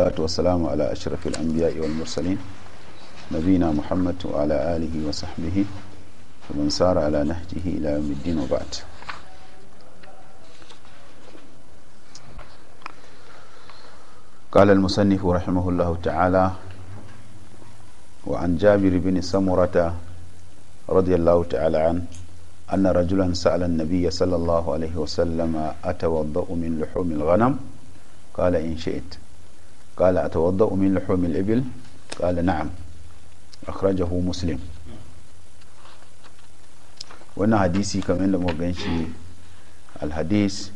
salatu wassalamu ala ashrafil anbiya wal mursalin nabina muhammad wa ala alihi wa sahbihi wa man sara ala nahjihi ila yawmiddin wa ba'd قال المصنف رحمه الله تعالى وعن جابر بن سمرة رضي الله تعالى عنه أن رجلا سأل النبي صلى الله عليه وسلم أتوضأ من لحوم الغنم قال إن شئت قال أتوضأ من لحوم الإبل قال نعم أخرجه مسلم وانا حديثي كمان لما بنشي الحديث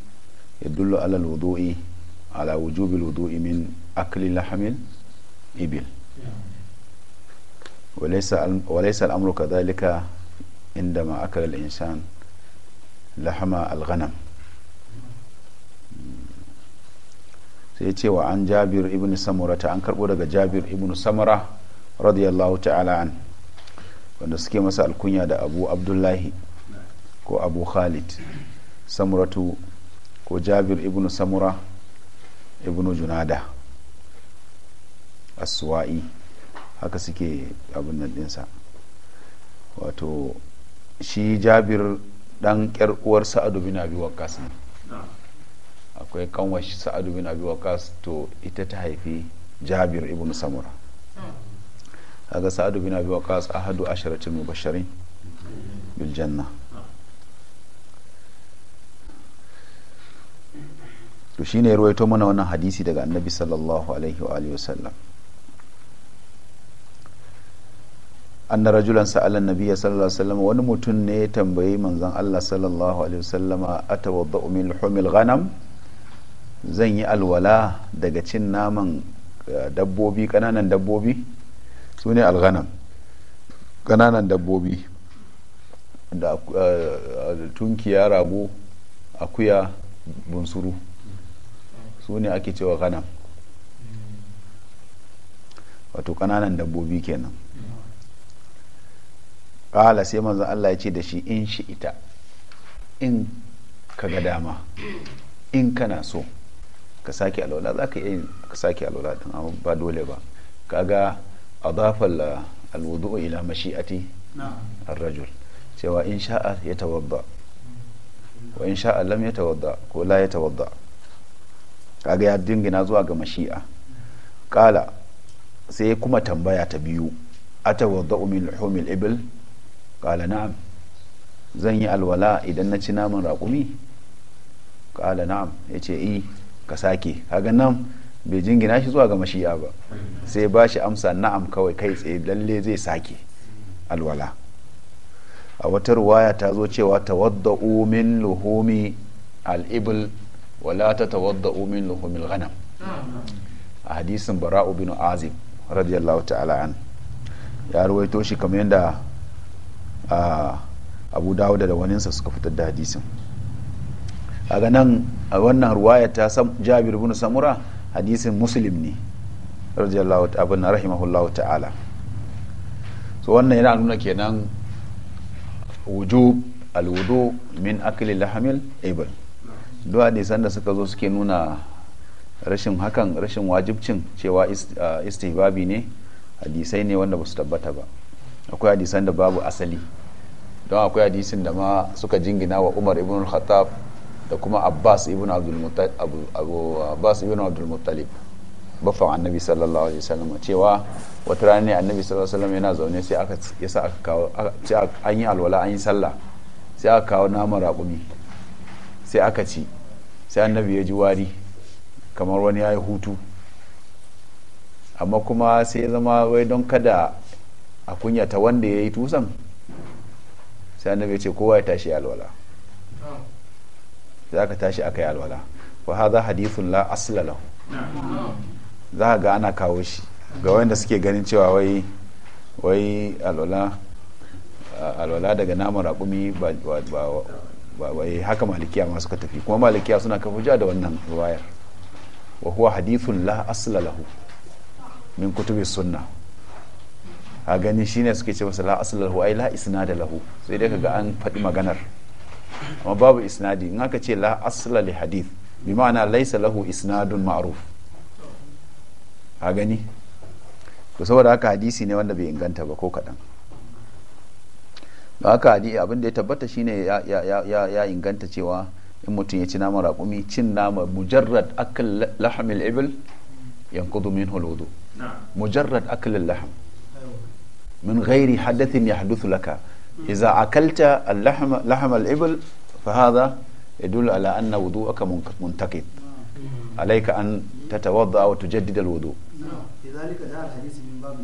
يدل على الوضوء على وجوب الوضوء من أكل لحم الإبل وليس وليس الأمر كذلك عندما أكل الإنسان لحم الغنم sai ce wa an jabir ibn samura ta an karbo daga jabir ibn samura radiyallahu ta'ala an wanda suke masa alkunya da abu abdullahi ko abu khalid samuratu ko jabir ibn samura ibn junada aswa'i haka suke abin nan dinsa wato shi jabir dan kyar uwar sa'adu bin abi waqqas akwai kanwashi sa'adu bin abi waqas to ita ta haifi jabir ibn samura kaga sa'adu bin abi waqas ahadu asharatul mubashirin bil janna to shine ya ruwaito mana wannan hadisi daga annabi sallallahu alaihi wa alihi wasallam anna rajulan sa'ala nabiyya sallallahu alaihi wasallam wani mutum ne ya tambayi manzon Allah sallallahu alaihi wasallama atawadda'u min humil ghanam zan yi alwala daga cin naman eh, dabbobi kananan dabbobi su ne alghanam kananan dabbobi da eh, tunkiya rago akuya bunsuru su ne ake cewa ghanam wato kananan dabbobi kenan ƙala sai manzan Allah ya ce da shi in shi ita in ka ga dama in kana so ka sake alwala za ka iya ka sake alwala din amma ba dole ba kaga adafa alwudu ila mashi'ati ar-rajul cewa in sha'a ya tawadda wa in sha'a lam ya tawadda ko la ya tawadda kaga ya dingina zuwa ga mashi'a kala sai kuma tambaya ta biyu atawadda min humil ibil kala na'am zan yi alwala idan na ci naman raƙumi kala na'am ya ce i eh. ka sake kaga nan bai jingina shi zuwa ga mashiya ba sai ba shi amsa na'am kawai kai tsaye lalle zai sake alwala a wata ruwaya ta zo cewa wadda min luhumi al'ibul wala ta tawadda'u min luhumi ghanam a hadisin bara'u bin azim. radiyallahu ta'ala an ya ruwaito shi kamar yadda ah, abu dawuda da waninsa suka fitar da hadisin ga nan a wannan ruwaya ta jabir bin samura hadisin muslim ne radiyallahu abin na rahimahullahu ta'ala so wannan yana nuna kenan wujub alwudu min akli lahamil abel duk ne da suka zo suke nuna rashin hakan rashin wajibcin cewa istihbabi ne hadisai ne wanda ba su tabbata ba akwai hadisan da babu asali don akwai hadisin da ma suka jingina wa umar ibn khattab da kuma abbas ibn abdul muttalib baffan annabi sallallahu alaihi wasallam cewa wata rana ne annabi sallallahu alaihi wasallam yana zaune sai aka yasa aka kawo an yi alwala an yi sallah sai aka kawo naman raƙumi sai aka ci sai annabi ya ji wari kamar wani ya yi hutu amma kuma sai ya zama wai don kada a kunyata wanda ya yi tusan sai annabi ya ce kowa ya tashi alwala za ka tashi aka yi alwala wa hadha hadithun la asla lahu za ga ana kawo shi ga wanda suke ganin cewa wai wai alwala alwala daga namun raƙumi ba wai haka malikiya ma suka tafi kuma malikiya suna kafa ja da wannan ruwayar wa huwa hadithun la asla lahu min kutubi sunna a gani shine suke ce masa la asla lahu ai la isnada lahu sai dai ka ga an faɗi maganar amma babu isnadi in aka ce la asla li hadith bi ma'ana laisa lahu isnadun ma'ruf a gani to saboda haka hadisi ne wanda bai inganta ba ko kadan da haka hadisi abin da ya tabbata shine ya inganta cewa in mutum ya ci nama raƙumi cin nama mujarrad akal lahamil ibil minhu al-wudu mujarrad akal laham min ghairi hadathin yahduthu laka إذا أكلت اللحم لحم الإبل فهذا يدل على أن وضوءك منتقد عليك أن تتوضأ وتجدد الوضوء لذلك جاء الحديث من باب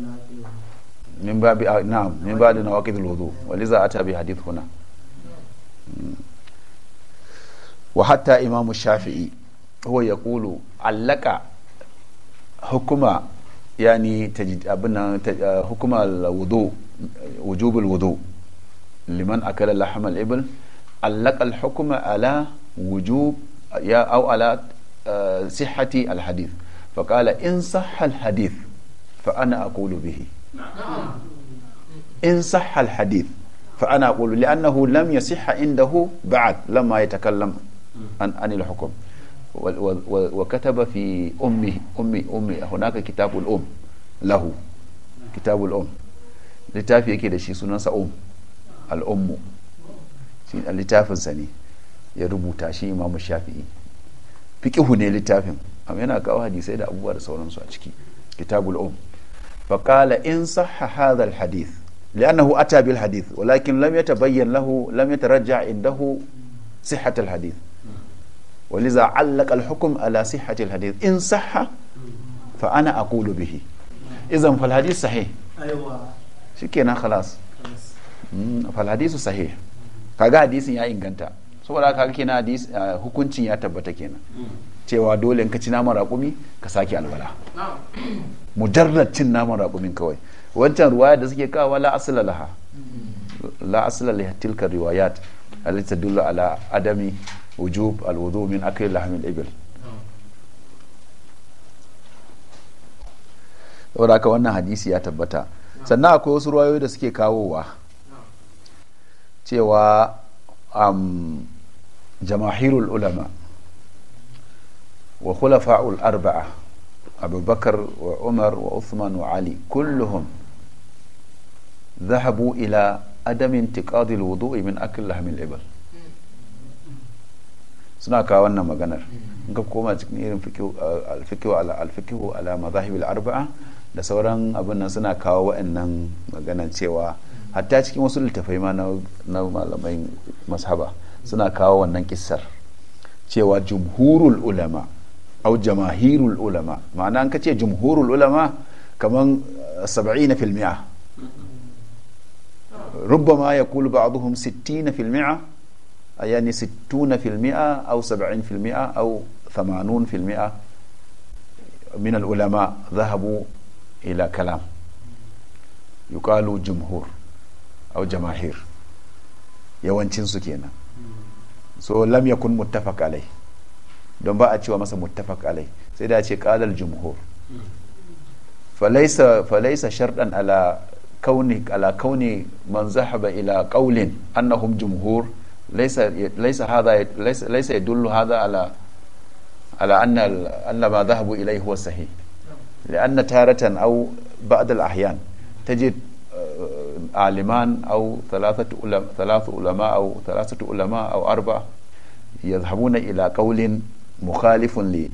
من باب آه، نعم من باب نواقض الوضوء ولذا أتى بحديث هنا وحتى إمام الشافعي هو يقول علق حكم يعني تجد آه، حكم الوضوء وجوب الوضوء liman akala lahmal ibil allaka al-hukma ala wujub ya aw ala eh, sihhati al-hadith fa qala in sahha al-hadith fa ana aqulu bihi in sahha al-hadith fa ana aqulu li'annahu lam yasihha indahu ba'd lamma yatakallam an an anil hukum وكتب في أمه أمي أمي هناك كتاب الأم له كتاب الأم littafi yake da shi sunansa um al'ummu shi a littafinsa ne ya rubuta shi imamu shafi'i fiƙihu ne littafin amma yana kawo hadisai da abubuwa da sauransu a ciki kitabul um faƙala in sahha hadha al hadith li'annahu ata bil hadith walakin lam yatabayyan lahu lam yatarajja indahu sihhat al hadith ولذا hadis. In saha fa'ana a إن صح فأنا أقول به إذا فالحديث صحيح أيوة شكينا khalas Hmm, fal hadisu sahih kaga hadisin ya inganta saboda kaga kenan hadis eh, hukuncin ya tabbata kenan cewa dole in ka ci naman raƙumi ka sake alwala mujarrad cin naman raƙumin kawai wancan ruwaya da suke kawo la asla laha la asla li tilka riwayat allati tadullu ala adami wujub alwudu min akli lahmil ibil saboda haka wannan hadisi ya tabbata sannan akwai wasu ruwayoyi da suke kawowa cewa um, jamahirul ulama wa khulafa'ul arba'a abubakar wa umar wa uthman wa ali kulluhum ذهبوا إلى عدم انتقاد الوضوء من أكل لحم الإبل suna kawo wannan maganar in ka koma cikin irin alfikihu ala alfikihu ala mazahib arbaa da sauran abin suna kawo nan maganar cewa hatta cikin wasu littafai ma na malamai mashaba suna kawo wannan kissar cewa jumhurul ulama au jamahirul ulama ma'ana an kace jumhurul ulama kaman 70 fil mi'a ربما يقول بعضهم 60 في المئة يعني 60 في المئة أو 70 في المئة أو 80 في المئة من العلماء ذهبوا إلى كلام يقال جمهور au jamahir yawancin su kenan so lam yakun muttafaq alai don ba a cewa masa muttafaq alai sai da ce qalal jumhur falaisa falaisa shardan ala kauni ala kauni man zahaba ila qawlin annahum jumhur laysa laysa hadha laysa laysa yadullu hadha ala ala anna anna ma dhahabu ilayhi huwa sahih لأن تارة أو بعض الأحيان تجد aliman au talatu ulama au talatu ulama au arba yadhhabuna ila kaulin mukhalifun li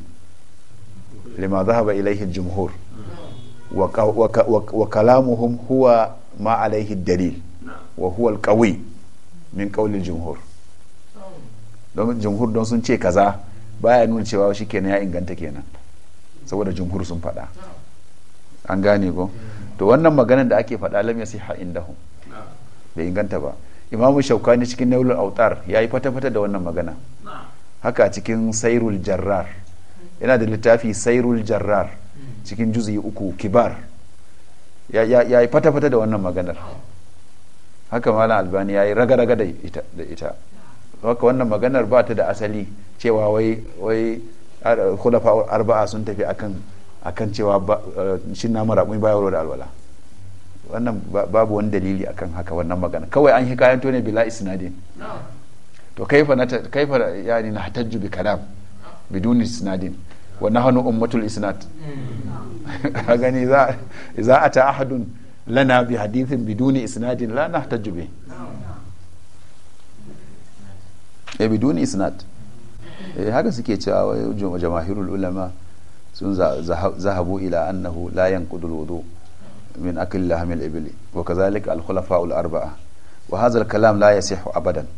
lima zahaba ilayhi jumhur wa kalamuhum huwa ma alaihi dalil wa huwa al min kaulin jumhur don jumhur don sun ce kaza baya nuna cewa shikenan ya inganta kenan saboda jumhur sun fada an gane ko to wannan maganar da ake faɗa lam yasiha indahum bai inganta ba imamu shaukani cikin nailul autar ya yi fata-fata da wannan magana haka cikin sairul jarrar yana da littafi sairul jarrar hmm. cikin juzi uku kibar ya yi fata-fata da wannan maganar haka malam albani ya yi raga-raga da ita da ita haka wannan maganar ba ta da asali cewa wai wai arba'a sun tafi akan akan cewa eh, shin mara kuma baya da alwala wannan babu wani dalili akan haka wannan magana kawai an hikayanto ne bila isnadin to kaifa na kaifa yani na hatajju bi kalam biduni isnadin wa nahnu ummatul isnad gani za a ta ahadun lana bi hadithin biduni isnadin la nahtajju bi eh biduni isnad eh haka suke cewa jama'irul ulama sun zahabu ila annahu la yanqudu wudu min akli lahm al-ibli wa kadhalika al-khulafa al-arba'a wa hadha al-kalam la yasihu abadan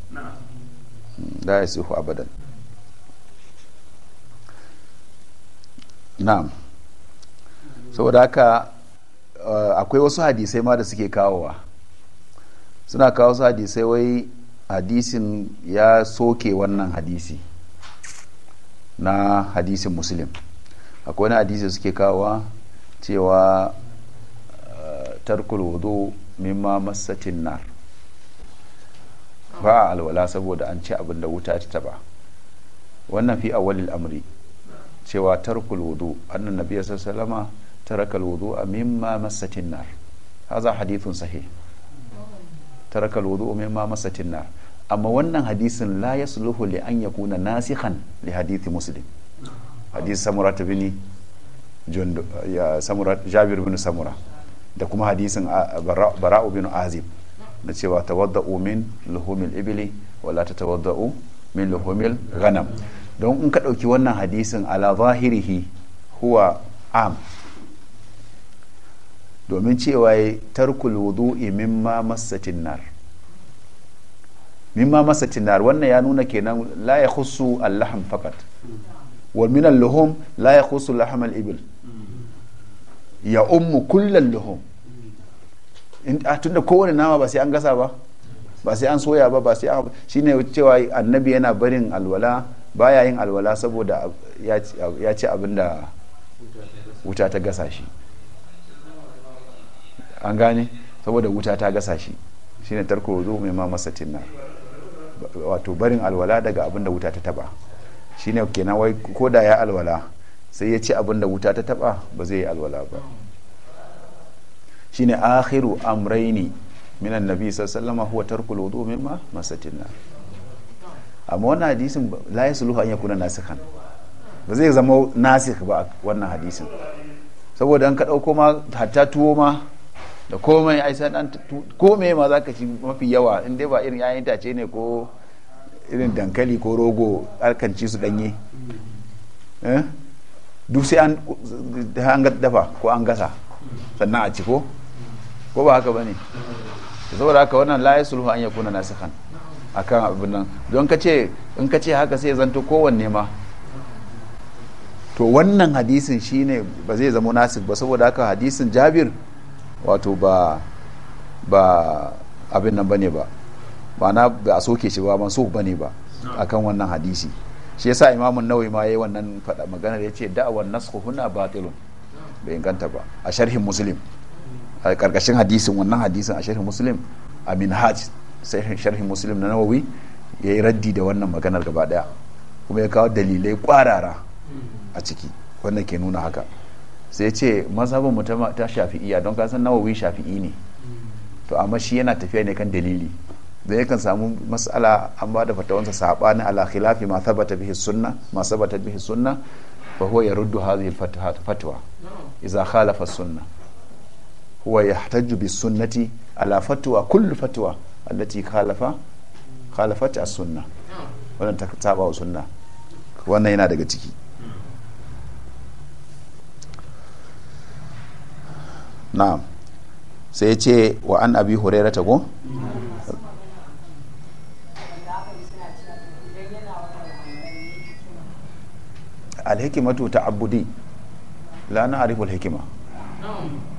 la yasihu abadan na'am saboda haka uh, akwai wasu hadisai ma da suke kawowa suna kawo su hadisai wai hadisin ya soke wannan hadisi na hadisin muslim akwai wani hadisi suke kawa cewa eh, tarkul wudu mimma masatin nar ba alwala saboda an ce abin da wuta ta taba wannan fi walil amri cewa tarkul wudu annan nabi sallama taraka a mimma massatin nar haza hadithun sahih taraka a mimma masatin nar amma wannan hadisin la yasluhu li an yakuna nasikhan li hadithi muslim hadisi samura ta bini jabir bin samura da kuma hadisin bara'u bin azib na cewa tawadda'u min luhumil ibili wala ta tawadda'u min luhumil ghanam don in ka ɗauki wannan hadisin ala zahirihi huwa am domin cewa ya tarkul wudu'i mimma masatin nar mimma masatin nar wannan ya nuna kenan la ya khusu allaham fakat wa min al-luhum la yakhusu lahm al-ibil ya ummu kullal luhum in tunda kowane nama ba sai an gasa ba ba sai an soya ba ba sai an shi ne cewa annabi yana barin alwala baya yin alwala saboda ya ci abin da wuta ta gasa shi an gane saboda wuta ta gasa shi shine tarko zo mai ma masa na wato barin alwala daga abin da wuta ta taba shine kenan wai ko da ya alwala sai ya ci abin da wuta ta taba ba zai yi alwala ba shine akhiru amraini minan nabi sallallahu huwa tarkul wudu mimma masatina amma wannan hadisin la yasluhu an yakuna nasihan ba zai zama nasikh ba wannan hadisin saboda an ka dauko ma hatta tuwo ma da komai ai sai dan komai ma zaka ci mafi yawa in dai ba irin yayin tace ne ko irin dankali ko rogo alkanci ci su danye eh? duk sai an dafa ko an gasa sannan a ciko ko ba haka ba ne saboda haka wannan layi sulhu an yakuna a kan abin nan don ka ce in ka ce haka sai zanto kowanne ma to wannan hadisin shine ba zai zama nasu ba saboda haka hadisin jabir wato ba abin nan ba ne ba ba na ba a soke shi ba ban so ne ba akan wannan hadisi shi yasa imamun nawawi ma yayi wannan faɗa maganar ce da'awan naskhu huna batilun bai inganta ba a sharhin muslim a karkashin hadisin wannan hadisin a sharhin muslim a minhaj sai sharhin muslim na nawawi ya yi raddi da wannan maganar gaba daya kuma ya kawo dalilai kwarara a ciki wannan ke nuna haka sai ce mazhabin mu ta shafi'iya don kasan nawawi shafi'i ne to amma shi yana tafiya ne kan dalili da kan samu matsala an ba da fatawansa saɓani ala khilafi ma sabata bihi sunna ma sabata bihi sunna fa huwa yaruddu hadhihi fatwa idza khalafa sunna huwa yahtaju bi sunnati ala fatwa kullu fatwa allati khalafa khalafat as-sunna wannan ta taba wa sunna wannan yana daga ciki na'am sai ce wa an abi hurairah ta go alhikimatu ta'abbudi la na arifu alhikima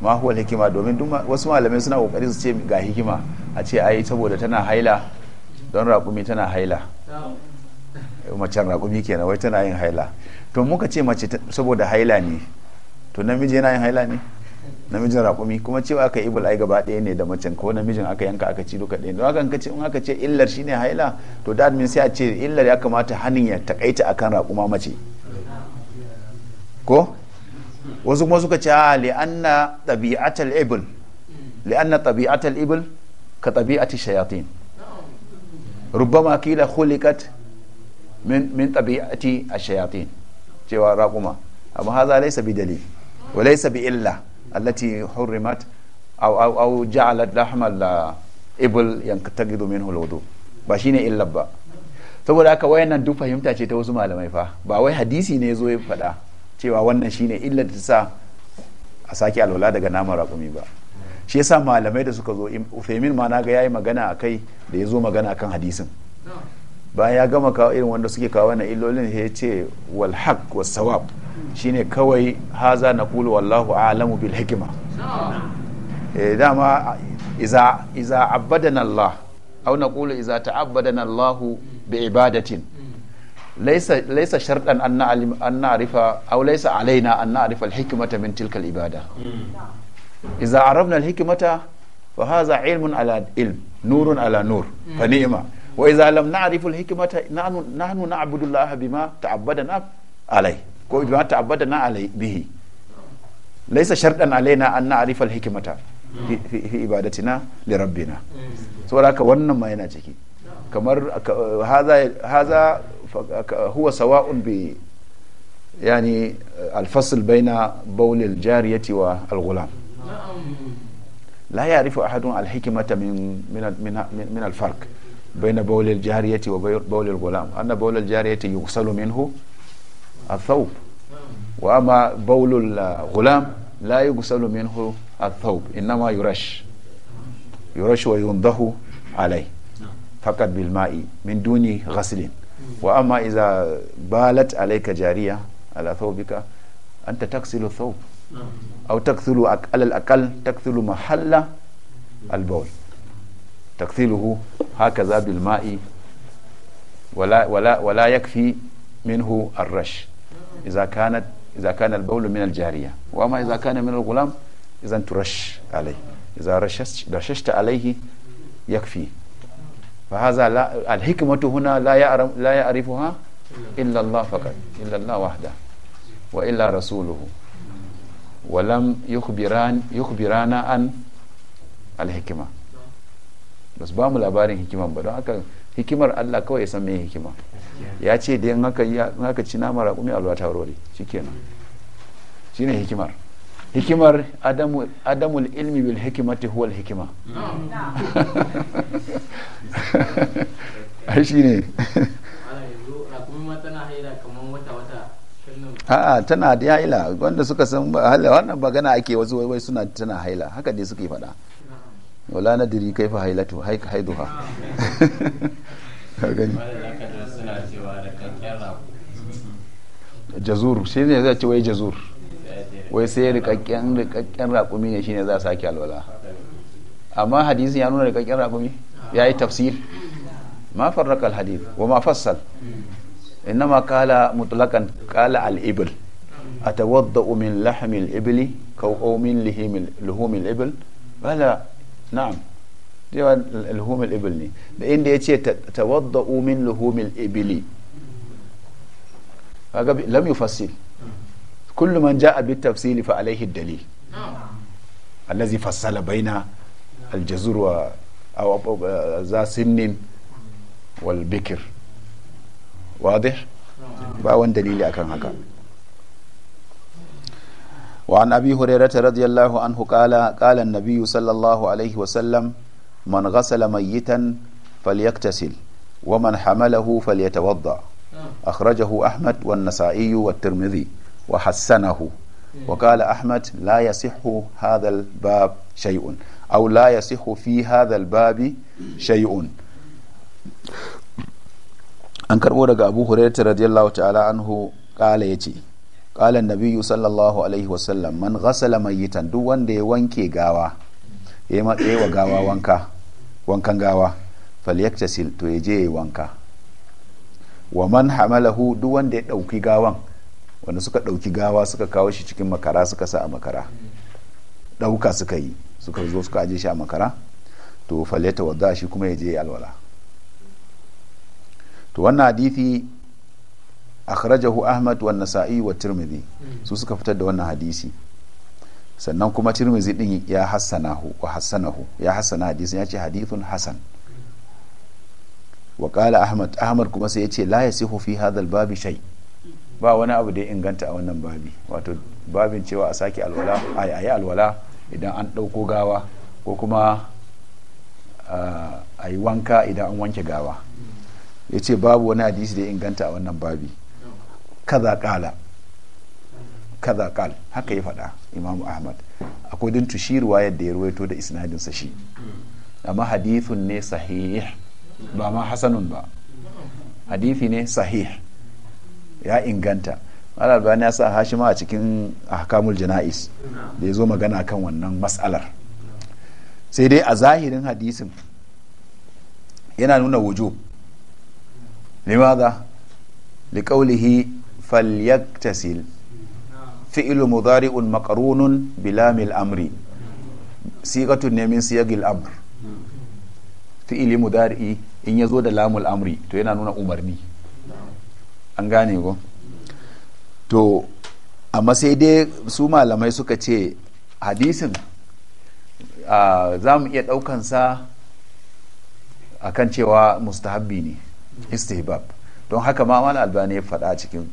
ma huwa alhikima domin duk wasu malamai suna kokari su ce ga hikima a ce ai saboda tana haila don raƙumi tana haila eh, macen raƙumi kenan wai tana yin haila to muka ce mace saboda haila ne to namiji yana yin haila ne namijin raƙumi kuma cewa aka ibul ai gaba ɗaya ne da macen ko namijin aka yanka aka ci duka ɗaya don haka in aka ce illar shine haila to da admin sai a ce illar ya kamata hannun ya takaita akan raƙuma mace ko wasu kuma suka ce a li'anna tabi'atal ibl li'anna tabi'atal ibl ka tabi'ati shayatin rubbama kila khuliqat min min tabi'ati ash-shayatin cewa raquma amma hadha laysa bi dalil wa laysa bi illa allati hurrimat aw aw aw ja'alat lahma al-ibl yantaqidu minhu al-wudu ba shine illa ba saboda haka wayannan duk fahimta ce ta wasu malamai fa ba wai hadisi ne zo ya faɗa cewa wannan shine illar da ta sa a sake alwala daga naman rakumi ba shi yasa malamai da suka zo ufemin ma na ya yi magana a kai da ya zo magana kan hadisin bayan ya gama kawo irin wanda suke kawo na illolin ya ce wal haq was sawab shine kawai haza na kulu wallahu a'lamu bil hikima eh, dama iza iza abadana Allah au naqulu iza ta'abbadana Allah bi ibadatin laisa laisa sharɗan an na'alim an na'rifa aw laisa alaina an na'rifa al-hikmata min tilka al-ibada idza alhikimata, wa haza fa ilmun ala ilm nurun ala nur fa ni'ma wa idza lam na'rifu al-hikmata nahnu nahnu na'budu Allah bima ta'abbadana alai ko bima ta'abbadana alai bihi laisa sharɗan alaina an na'rifa al-hikmata fi ibadatina li rabbina saboda haka wannan ma yana ciki kamar haza هو سواء ب يعني الفصل بين بول الجارية والغلام لا يعرف أحد الحكمة من من من, من الفرق بين بول الجارية وبول الغلام أن بول الجارية يغسل منه الثوب وأما بول الغلام لا يغسل منه الثوب إنما يرش يرش وينضه عليه فقط بالماء من دون غسل وأما إذا بالت عليك جارية على ثوبك أنت تغسل الثوب أو تغسل على الأقل تغسل محل البول تغسله هكذا بالماء ولا ولا ولا يكفي منه الرش إذا كانت إذا كان البول من الجارية وأما إذا كان من الغلام إذا ترش عليه إذا رششت, رششت عليه يكفي فهذا لا الحكمة هنا لا يعرف لا يعرفها إلا الله فقط إلا الله وحده وإلا رسوله ولم يخبران يخبرانا عن الحكمة بس mu labarin hikiman ba don haka hikimar Allah kawai san mai hikima ya ce da yin haka ci nama raƙumi alwa tarore shikenan shine hikimar hikimar adamul ilmi bil hikimati huwal hikima a shi ne a'a tana da haila wanda suka san wannan bagana ake wasu wai suna tana haila haka dai yi faɗa wala na diri kai fa hailatu haiduha gani jazur shi ne zai ce wai jazur wai sai rikakken rikakken raƙumi ne shine za a sake alwala amma hadisin ya nuna rikakken raƙumi ya yi tafsir ma farraka alhadith wa ma fassal innama kala mutlakan kala al-ibil atawadda'u min lahmil ibli kaw min luhumil ibil bala na'am cewa luhumil ibil ne da inda ya ce tawadda'u min luhumil ibili kaga lam yufassil كل من جاء بالتفصيل فعليه الدليل نعم. الذي فصل بين الجزر و أو ذا سن والبكر واضح نعم. wani دليل أكن هكا وعن أبي هريرة رضي الله عنه قال قال النبي صلى الله عليه وسلم من غسل ميتا فليغتسل ومن حمله فليتوضأ أخرجه أحمد والنسائي والترمذي wa وحسنه وقال أحمد لا يصح هذا الباب شيء أو لا يصح في هذا الباب شيء an karbo daga abu hurairah radiyallahu ta'ala an anhu kala yace kala biyu sallallahu alaihi wasallam man ghasala mayitan duk wanda ya wanke gawa ya matsaye wa gawa wanka wankan gawa falyaktasil to ya je ya wanka wa man hamalahu duk wanda ya dauki gawan wanda suka ɗauki gawa suka kawo shi cikin makara suka sa a makara ɗauka suka yi suka zo suka aje shi a makara to falleta wadda shi kuma ya je alwala to wannan hadithi akhrajahu ahmad wa nasa'i wa tirmidhi su suka fitar da wannan hadisi sannan kuma tirmidhi din ya hassanahu wa hassanahu ya hassana hadisin ya ce hadithun hasan wa qala ahmad ahmad kuma sai ya ce la yasihu fi hadha babi shay ba wani abu da ya inganta a wannan babi wato babin cewa a sake alwala a yi alwala idan an ɗauko gawa ko kuma a yi wanka idan an wanke gawa ya ce babu wani hadisi da ya inganta a wannan babi kaza kala kaza kal haka ya faɗa imamu ahmad akwai din tushirwa yadda ya ruwaito da isnadinsa shi amma hadithun ne sahih ba ma hasanun ba hadithi ne sahih ya inganta al albani ya sa hashima a cikin ahkamul jana'is da ya zo magana kan wannan matsalar sai dai a zahirin hadisin yana nuna wujo limaza liƙaulihi falyaktasil fi'ilu mudari'un makarunun bilamil amri sigatun ne min siyagil amr fi'ili mudari'i in ya zo da lamul amri to yana nuna umarni an gane ko to amma sai dai su malamai suka ce hadisin za mu iya ɗaukansa a kan cewa mustahabbi ne istihbab don haka ma wani albani ya faɗa a cikin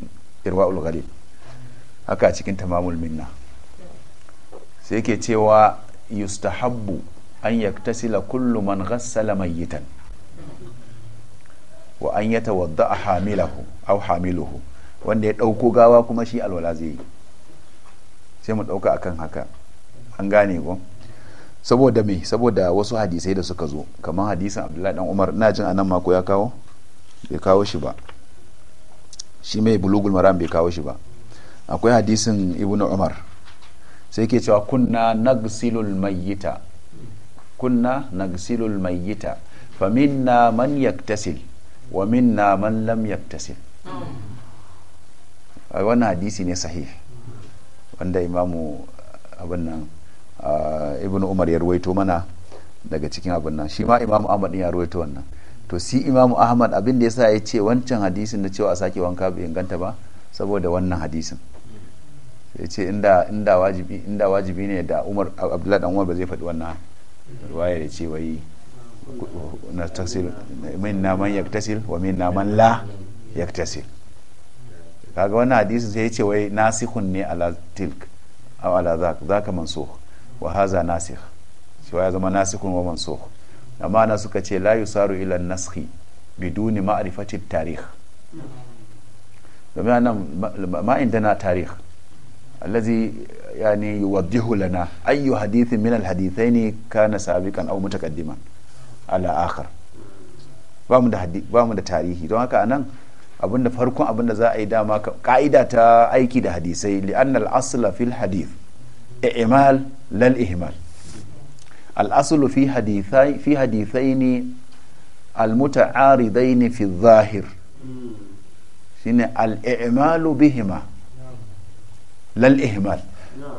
irwa'ul gari haka a cikin tamamul minna sai ke cewa yustahabbu an yaktasila kullu man ghassala mayyitan wa an yata wadda a hamilahu au hamiluhu wanda ya ɗauko gawa kuma shi alwala zai yi sai mu ɗauka akan haka an gane ko saboda me saboda wasu hadisai da suka zo kamar hadisin abdullahi dan umar ina jin anan mako ya kawo bai kawo shi ba shi mai bulugul maram bai kawo shi ba akwai hadisin ibnu umar sai ke cewa kunna nagsilul mayyita kunna nagsilul mayyita faminna man yaktasil wa minna man lam yaktasib wannan hadisi ne sahih wanda imamu abin nan ibn umar ya ruwaito mana daga cikin abin nan shi ma imamu ahmad ya ruwaito wannan to si imamu ahmad abin da ya sa ya ce wancan hadisin da cewa a sake wanka bai inganta ba saboda wannan hadisin ya ce inda wajibi ne da umar abdullahi dan umar ba zai faɗi wannan ruwaya da ce wai nastasil minna man yaktasil wa minna man la yaktasil kaga wannan hadisi sai ya ce wai nasihun ne ala tilk aw ala zak zaka mansukh wa haza nasikh cewa ya zama nasihun wa mansukh amma na suka ce la yusaru ila naskhi biduni ma'rifati tarikh domin anan ma indana tarikh allazi yani yuwaddihu lana ayyu hadithin min al hadithaini kana sabiqan aw mutaqaddiman al'akar ba mu da tarihi don haka anan abinda farkon abinda za a yi dama ka'ida ta aiki da hadisai li'annal asla fil hadith i'mal lal ihmal al'asulu fi hadithai ne al-muta'aridai fi zahir shine al-i'malu bihima lal ihmal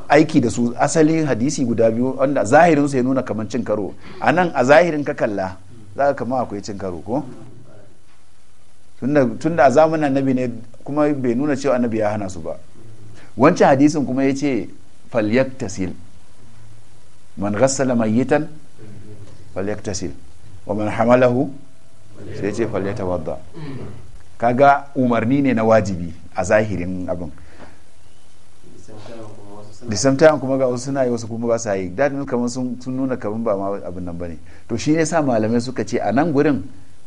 aiki da su asalin hadisi guda biyu wanda zahirin su ya nuna kamar cin karo a nan a zahirin ka kalla za ka kama akwai cin karo ko tunda a zamanin annabi ne kuma bai nuna cewa annabi ya hana su ba wancan hadisin kuma ya ce falyaktasil man ghassala mayyitan falyaktasil wa man hamalahu sai ce wadda kaga umarni ne na wajibi a zahirin abin da samtayan kuma ga wasu suna yi wasu kuma ba sa yi dadin kamar sun nuna kamar ba ma abin nan bane to shi ne sa malamai suka ce a nan gurin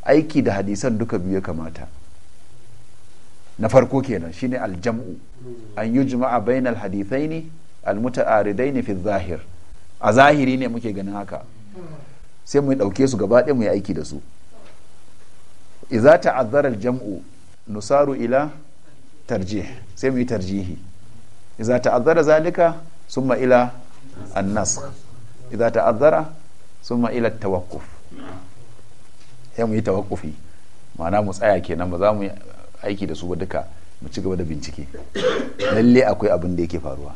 aiki da hadisan duka biyu ya kamata na farko kenan shine aljam'u an yi juma'a bainal hadithaini almuta'aridaini fi zahir a zahiri ne muke ganin haka sai mu dauke su gaba ɗaya mu yi aiki da su idza ta'azzara aljam'u nusaru ila tarjih sai mu yi tarjihi idza ta'azzara zalika summa ila an-nasakh idza ta'azzara summa ila at mu yi tawakkufi ma'ana mu tsaya kenan ba za mu aiki da su ba duka mu ci gaba da bincike lalle akwai abin da yake faruwa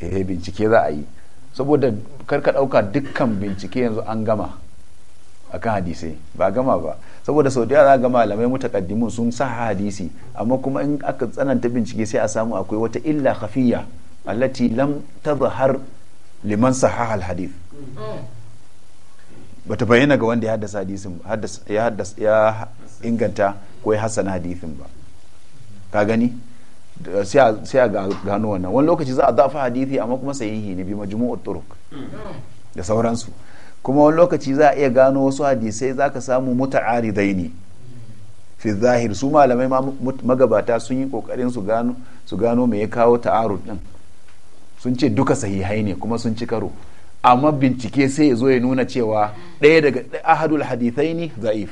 eh bincike za a yi saboda karka dauka dukkan bincike yanzu an gama akan hadisai ba gama ba saboda sau da yawa ga malamai mutakaddimun sun sa hadisi amma kuma in aka tsananta bincike sai a samu akwai wata illa khafiyya allati lam tazhar liman sahaha al hadith mm. bata bayyana ga wanda ya haddasa hadisin ya inganta ko ya hasana hadisin ba ka gani sai a gano wannan wani lokaci za a dafa hadisi amma kuma sahihi ne bi majmu'ut turuk mm. da sauransu kuma wani lokaci za a iya gano wasu hadisai za ka samu muta'aridai ne fi zahir su malamai magabata sun yi kokarin su gano mai ya kawo ta'arud din sun ce duka sahihai ne kuma sun ci karo amma bincike sai ya zo ya nuna cewa ɗaya daga ahadul hadisai ne za'if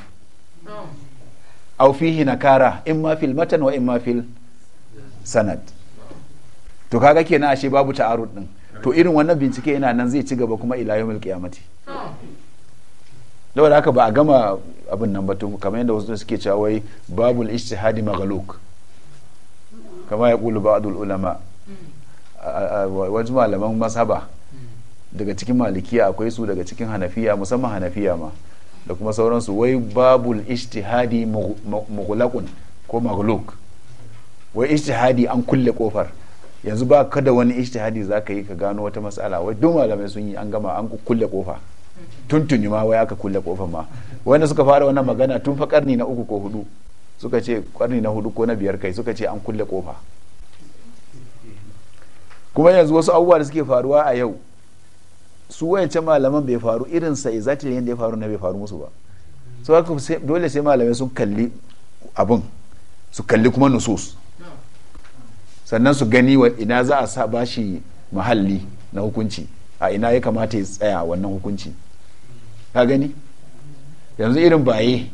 au fihi nakara in ma fil matan wa in ma fil sanad to kaga kenan ashe babu ta'arud din to irin wannan bincike yana nan zai ci gaba kuma ila yawmil qiyamati haka ba a gama abin nan batun kamar yadda wasu suke cewa babul ishtihadi magaluk kama ya kulu ba'dul ulama wajen malaman masaba daga cikin malikiya akwai su daga cikin hanafiya musamman hanafiya ma da kuma sauransu wai babul ishtihadi mughlaqun ko magaluk wai ishtihadi an kulle kofar yanzu ba ka da wani ijtihadi za ka yi ka gano wata matsala wai duk malamai sun yi an gama an kulle kofa tuntuni ma wai aka kulle kofa ma wanda suka fara wannan magana tun fa karni na uku ko hudu suka ce karni na hudu ko na biyar kai suka ce an kulle kofa kuma yanzu wasu abubuwa da suke faruwa a yau su wayancan malaman bai faru irin sa exactly yadda ya faru na bai faru musu ba so dole sai malamai sun kalli abun su kalli kuma nusus sannan su gani wa ina za a sa bashi muhalli na hukunci a ina ya kamata ya tsaya wannan hukunci ka gani yanzu irin baye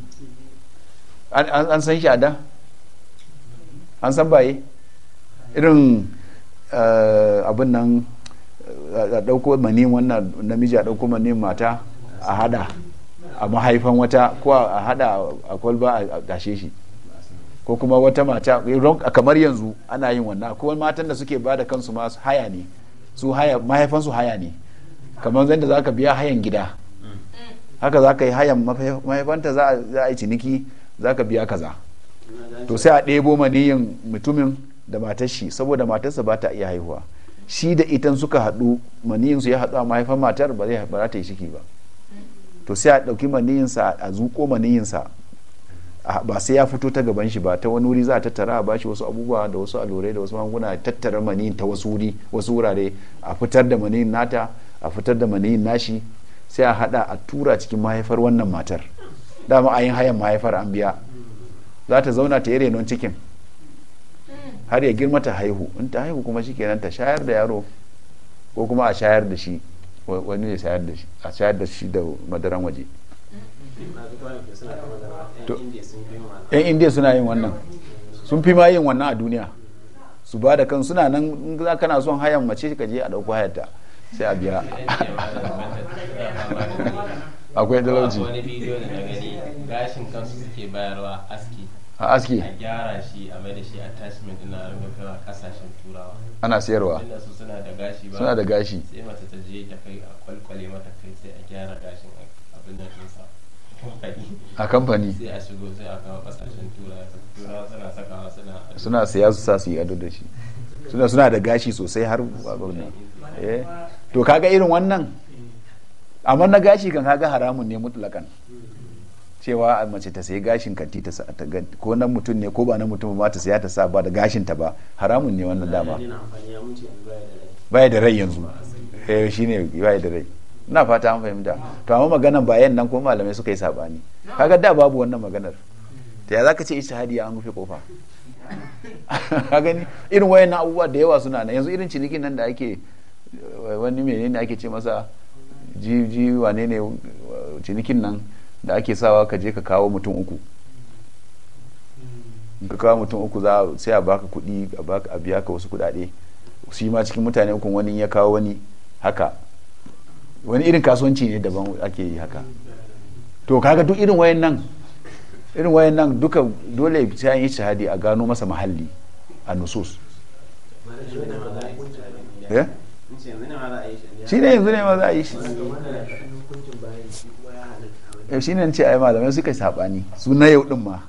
an san shi a da an san baye irin eh, abin nan a ɗauko manin wannan namiji a ɗauko manin mata a hada a mahaifan wata ko a hada a kwalba a tashe shi ko kuma wata mata eh, kamar yanzu ana yin wannan kuma matan da suke bada kansu masu haya ne su haya mahaifansu haya ne kamar za zaka biya hayan gida haka zaka yi hayan mahaifanta za a yi ciniki zaka biya kaza to sai a ɗebo maniyin mutumin da matar shi saboda matarsa ba ta iya haihuwa shi da itan suka haɗu maniyin su ya haɗu a mahaifan matar ba za ta yi shiki ba to sai a ɗauki maniyinsa a zuƙo maniyinsa ba sai ya fito ta gaban shi ba ta wani wuri za a tattara a bashi wasu abubuwa da wasu allurai da wasu magunguna a tattara mani ta wasu wuri wasu wurare a fitar da maniyin nata a fitar da maniyin nashi sai a hada a tura cikin mahaifar wannan matar dama a yin hayan mahaifar an biya za ta zauna ta yi renon cikin har ya girma ta haihu in ta haihu kuma shikenan ta shayar da yaro ko kuma a shayar da shi wani ya shayar da shi a shayar da shi da madaran waje yan indiya suna yin wannan sun fi ma yin wannan a duniya su ba da kan suna nan za kana son hayan mace ka je a ɗauko hayarta sai a biya akwai talauci da gani gashin kansu suke bayarwa aski a aski a gyara shi a mai da shi attachment ina rinka kaiwa kasashen turawa ana siyarwa inda su suna da gashi ba suna da gashi sai mata ta je ta kai a kwalkwale mata kai sai a gyara gashin abin da a kamfani sai a shigo sai a kasashen suna sakawa suna suna saya su sa su yi ado da shi suna suna da gashi sosai har gwamna eh. to kaga irin wannan amma na gashi kan kaga haramun ne mutlakan cewa a mace ta sayi gashin kanti ta sa ko nan mutum ne ko ba na mutum ba ta saya ta sa ba da gashin ta ba haramun ne wannan dama baya da rai yanzu eh shine baya da rai na fata an fahimta to amma maganan bayan nan kuma malamai suka yi sabani kaga da babu wannan maganar ta ya zaka ce ijtihadi an rufe kofa a gani irin wayannan abubuwa da yawa suna nan yanzu irin ciniki nan da ake eh, wani menene ake ce masa ji wane ne cinikin nan da ake sawa ka je ka kawo mutum uku ka kawo mutum uku za sai a baka kuɗi a biya ka wasu kuɗaɗe su yi ma cikin mutane uku wani ya kawo wani haka wani irin kasuwanci ne daban ake yi haka to kaga duk irin wayan nan irin wayan nan duka dole sai an yi shahadi a gano masa mahalli a nusus eh? shi ne yanzu ne ma za a yi shi eh, shi ne ce ai malamai suka yi saɓani su na yau din ma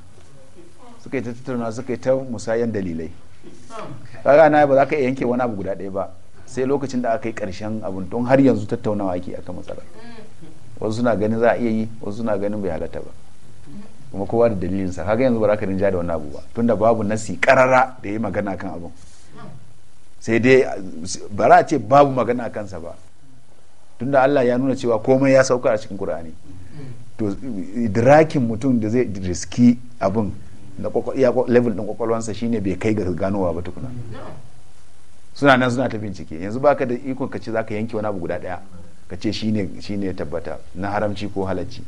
suka yi ta tattauna suka yi ta musayan dalilai kaga na ba za ka yanke wani abu guda ɗaya ba sai lokacin da aka yi karshen abin don har yanzu tattaunawa ake akan matsalar wasu suna ganin za a iya yi wasu suna ganin bai halatta ba kuma kowa da dalilinsa kaga yanzu ba za ka rinja da wani abu ba tunda babu nasi karara da ya magana kan abin sai dai ba za a ce babu magana a kansa ba tunda Allah ya nuna cewa komai ya sauka a cikin kur'ani to idrakin mutum da zai riski abin na level din kwakwalwansa shine bai kai ga ganowa ba tukuna suna nan suna ta bincike yanzu baka da ikon ka ce zaka yanke wani abu guda daya ka ce shine shine tabbata na haramci ko halacci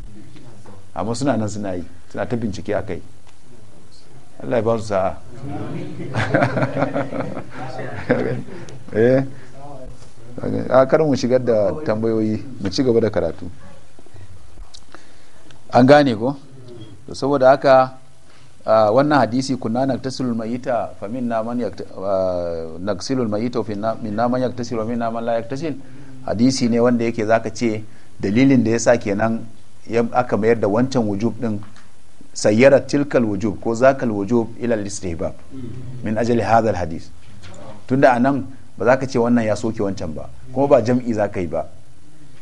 amma suna nan suna yi suna ta bincike a kai Allah ya ba su sa'a eh a mu shigar da tambayoyi mu ci gaba da karatu an gane ko saboda haka Ah, wannan hadisi kunna naktasilul mayita fa minna man ah, naksilul mayita fa minna man yaktasil wa minna man la yaktasil hadisi ne wanda yake zaka ce dalilin da yasa kenan aka mayar da wancan wujub din sayyara tilkal wujub ko zakal wujub ila istihbab min ajali hadha hadis tunda anan ba za ka ce wannan ya soke wancan ba kuma ba jam'i za ka yi ba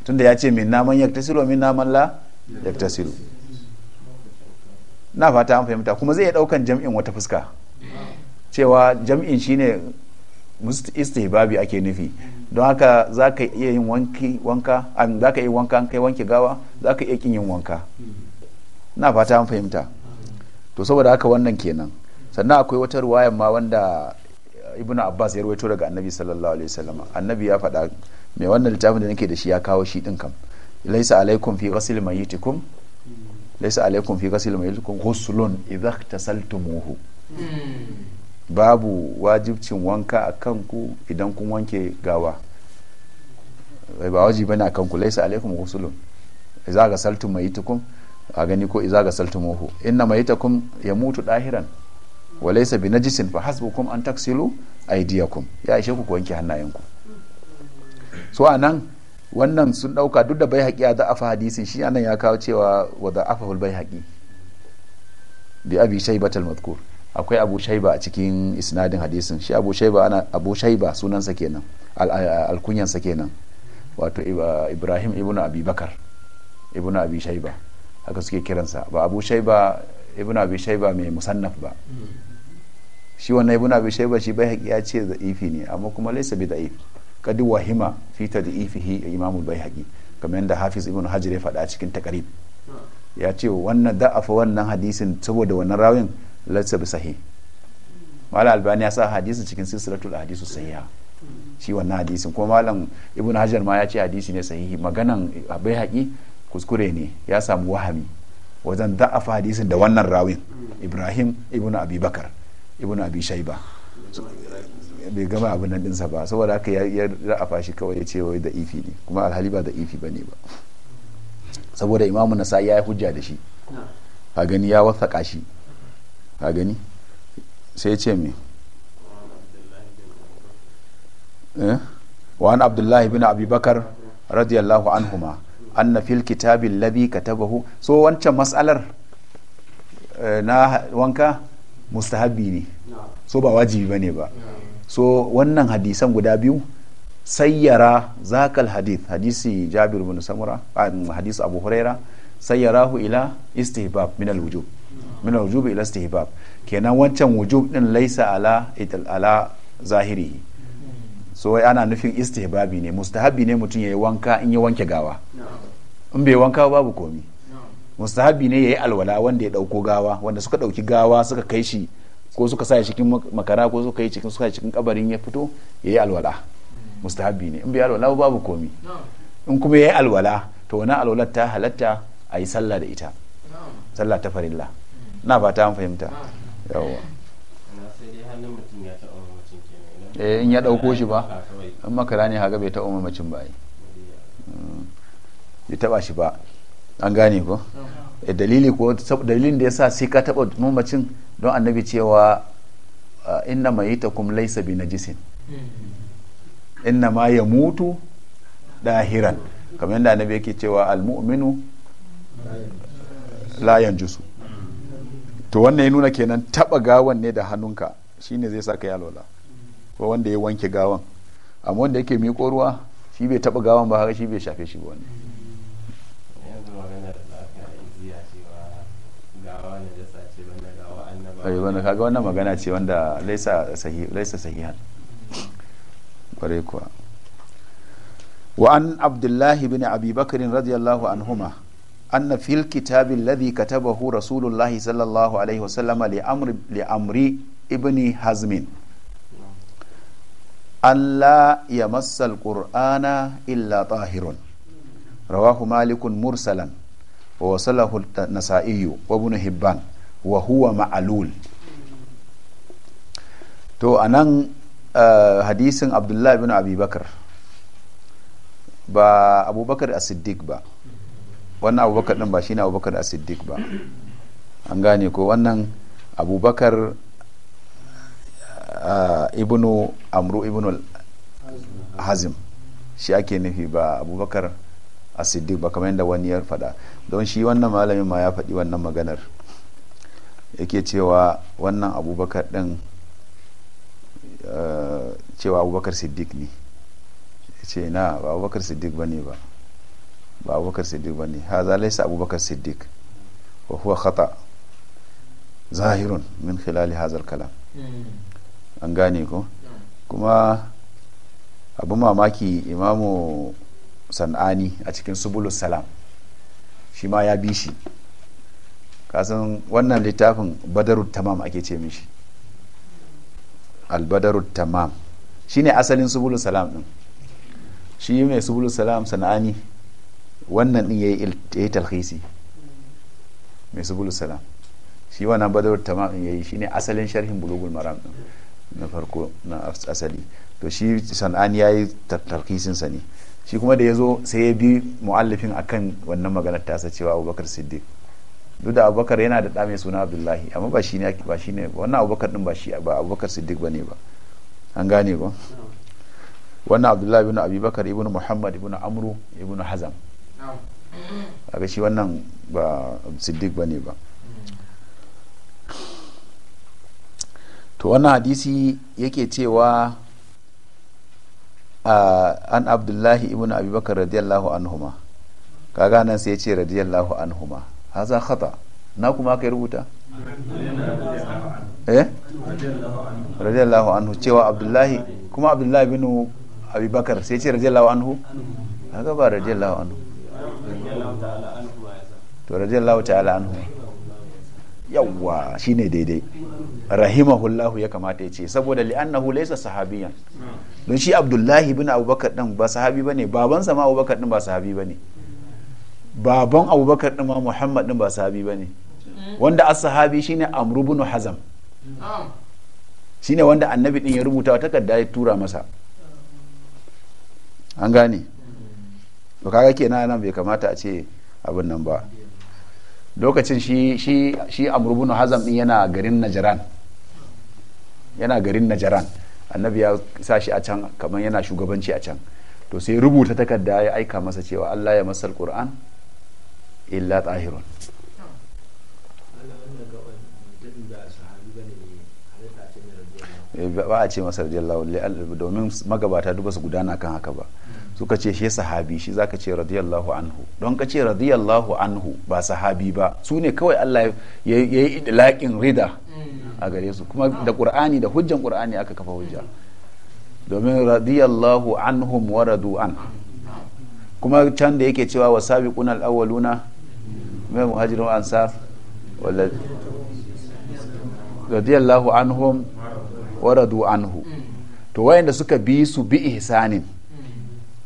tunda ya ce min naman yaktasiru wa min naman la yaktasilu na fata an fahimta kuma zai iya daukan jam'in wata fuska cewa jam'in shine istihbabi ake nufi don haka za ka iya yin wanka za ka iya wanka kai wanke gawa za ka iya yin wanka na fata an fahimta to saboda haka wannan kenan sannan akwai wata ruwayan ma wanda ibnu abbas ya rawaito daga annabi sallallahu alaihi wasallam annabi ya faɗa mai wannan littafin da nake da shi ya kawo shi din kam laisa alaikum fi ghasl mayitikum laisa alaikum fi ghasil mayyitin ghuslun idza tasaltumuhu hmm. babu wajibcin wanka a kanku idan kun wanke gawa ba wajibi ne a kanku laisa alaikum ghuslun idza ghasaltum mayyitakum a gani ko idza ghasaltumuhu inna ya yamutu dahiran wa laysa binajisin fa hasbukum an taksilu aydiyakum ya ishe ku wanke hannayenku so anan wannan sun dauka duk da bai haƙi ya fa hadisin shi anan ya kawo cewa wa da'afa bai haƙi bi abi shaiba talmadkur akwai abu shaiba a cikin isnadin hadisin shi abu shaiba ana abu sunan sa kenan sa kenan wato ibrahim ibnu abi bakar ibnu abi shaiba haka suke kiransa ba abu shaiba ibnu abi shaiba mai musannaf ba mm. shi wannan ibnu abi shaiba shi bai haƙi ya ce za'ifi ne amma kuma laysa bi da'ifi kadi wahima fi tad'ifihi imam al-baihaqi kamar yadda hafiz ibn hajar ya faɗa cikin takarib ya ce wannan da'afa wannan hadisin saboda wannan rawin latsa bi sahi malam albani ya sa hadisi cikin silsilatul hadisu sahiha shi wannan hadisin kuma malam ibn hajar ma ya ce hadisi ne sahihi maganan bai haƙi kuskure ne ya samu wahami wajen da'afa hadisin da wannan rawin ibrahim ibn abi bakar ibn abi shaiba bai gama abin nan dinsa ba saboda haka ya ra'afa shi kawai ya ce wai da ifi ne kuma alhali ba da ifi bane ba saboda imamu sa ya yi hujja da shi a gani ya wasa shi a gani sai ya ce me eh? wa an abdullahi bin abubakar radiyallahu anhuma na fil kitabin labi ka tabahu so wancan matsalar eh, na wanka mustahabi ne so ba wajibi bane ba so wannan hadisan guda biyu sayyara zakal hadith hadisi jabir bin samura ah, hadisi abu huraira sayyarahu ila istihbab min alwujub min alwujub ila istihbab kenan wancan wujub din laisa ala ital ala zahiri so ana nufin istihbabi ne mustahabi ne mutum yayi wanka in ya wanke gawa in bai wanka babu komi mustahabi ne yayi alwala wanda ya dauko gawa wanda suka dauki gawa suka kai shi ko suka sa cikin makara ko suka yi cikin suka cikin kabarin ya fito ya yi alwala mustahabi ne in bai alwala babu komi in kuma ya yi alwala to wani alwalar ta halatta a yi sallah da ita sallah ta farilla na fata an fahimta yawa eh in ya dauko shi ba in makara ne haga bai taɓa mamacin ba ya hmm. taɓa shi ba an gane ko eh, dalili ko dalilin da ya sa sai ka taɓa mamacin don annabi cewa inna mai kum laisa bi najisin inna ma ya mutu dahiran kamar yadda annabi yake cewa almu'minu layan jusu. to wannan ya nuna kenan taba gawan ne da hannunka shine zai saka ya lola ko wanda ya wanke gawan amma wanda yake miƙo ruwa shi bai taba gawan ba haka shi bai shafe shi ba wani kaga wannan magana ce wanda laisa sahi laisa kuwa wa an bin ibn abi radiyallahu anhuma anna fil kitab alladhi katabahu rasulullah sallallahu alaihi wasallam li amri li hazmin ibn hazm Ya yamassa alqur'ana illa ɗahirun rawahu malikun mursalan wa wasalahu an-nasa'i wa hibban wa huwa ma'alul to a nan eh, hadisin abdullahi bin abubakar ba abubakar asiddiq siddiq ba wannan abubakar din ba shine abubakar asiddiq siddiq ba an gane ko wannan abubakar eh, ibnu amru ibnu hazim shi ake nufi ba abubakar asiddiq siddiq ba kamar yadda wani ya faɗa don shi wannan malamin ma ya faɗi wannan maganar yake cewa wannan abubakar ɗin eh, cewa abubakar siddiq ne ce na ba abubakar siddiq ba ne ba ba abubakar siddiq ba ne ha za laisa abubakar siddiq wa huwa khata zahirun min khilali hazar kalam an gane ko kuma abu mamaki imamu san'ani a cikin subulus salam shi ma ya bi shi kasan wannan littafin badarut tamam ake ce mishi albadarut tamam shine asalin subulu salam din shi mai subulu salam sana'ani wannan din ya yi talhisi mai subulu salam shi wannan badarut tamam din yayi ne asalin sharhin bulugul maram din na farko na asali to shi sana'ani ya talhisin sa ne shi kuma da ya zo sai ya bi mu'allafin akan wannan maganar tasa cewa abubakar siddiq duk da abubakar yana da ɗa mai suna abdullahi amma ba shi ne ba shi ne wannan abubakar din ba shi ba abubakar siddiq ba ne ba an gane ba wannan abdullahi ibn abubakar ibn muhammad ibn amru ibn hazam a shi wannan ba siddiq ba ne ba to wannan hadisi yake cewa an abdullahi ibn abubakar radiyallahu anhuma kaga nan sai ya ce radiyallahu anhuma haza khata na kuma aka rubuta eh radiyallahu anhu cewa abdullahi kuma abdullahi bin abubakar sai ce radiyallahu anhu haka ba radiyallahu anhu to radiyallahu ta'ala anhu yawwa shine daidai rahimahullahu ya kamata ya ce saboda li'annahu laysa sahabiyan don shi abdullahi bin abubakar din ba sahabi bane babansa ma abubakar din ba sahabi bane baban abubakar ɗin ma muhammad ɗin ba sahabi ba ne wanda as sahabi shine ne hazam shine wanda annabi ɗin ya rubuta wa takarda ya tura masa an gane ba kaga na nan bai kamata a ce abin nan ba lokacin shi shi hazam ɗin yana garin najran yana garin najaran annabi ya sa shi a can kamar yana shugabanci a can to sai rubuta takarda ya aika masa cewa Allah ya masal Qur'an illa tahirun eh, ba a ce masa radiyallahu domin magabata duk su gudana kan haka ba hmm. suka ce shi sahabi shi zaka ce radiyallahu anhu don ka ce radiyallahu anhu ba sahabi ba su ne kawai Allah ya yi idlaƙin rida hmm. a gare su kuma da qur'ani da hujjan qur'ani aka kafa hujja domin radiyallahu anhum wa radu an hmm. kuma can da yake cewa wasabiquna al-awwaluna mai muhajirin ansar radiyallahu anhum wa anhu to wayanda suka bi su bi ihsanin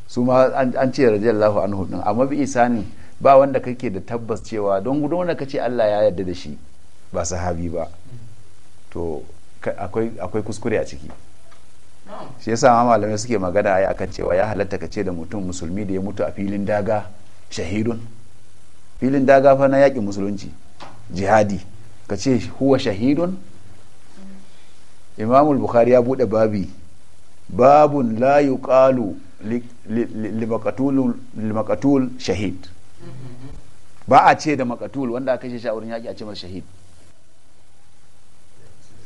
su ma an ce radiyallahu anhu din amma bi ihsanin ba wanda kake da tabbas cewa don gudun wanda kace Allah ya yarda da shi ba sahabi ba to akwai kuskure a ciki shi yasa ma malamai suke magana ai akan cewa ya halatta ka da mutum musulmi da ya mutu a filin daga shahidun filin dagafa na yaƙin musulunci jihadi ka ce huwa shahidun imamul bukhari ya buɗe babi babun la yuqalu limakatul shahid ba a ce da makatul wanda aka kashe shi wurin yaƙi a ce masa shahid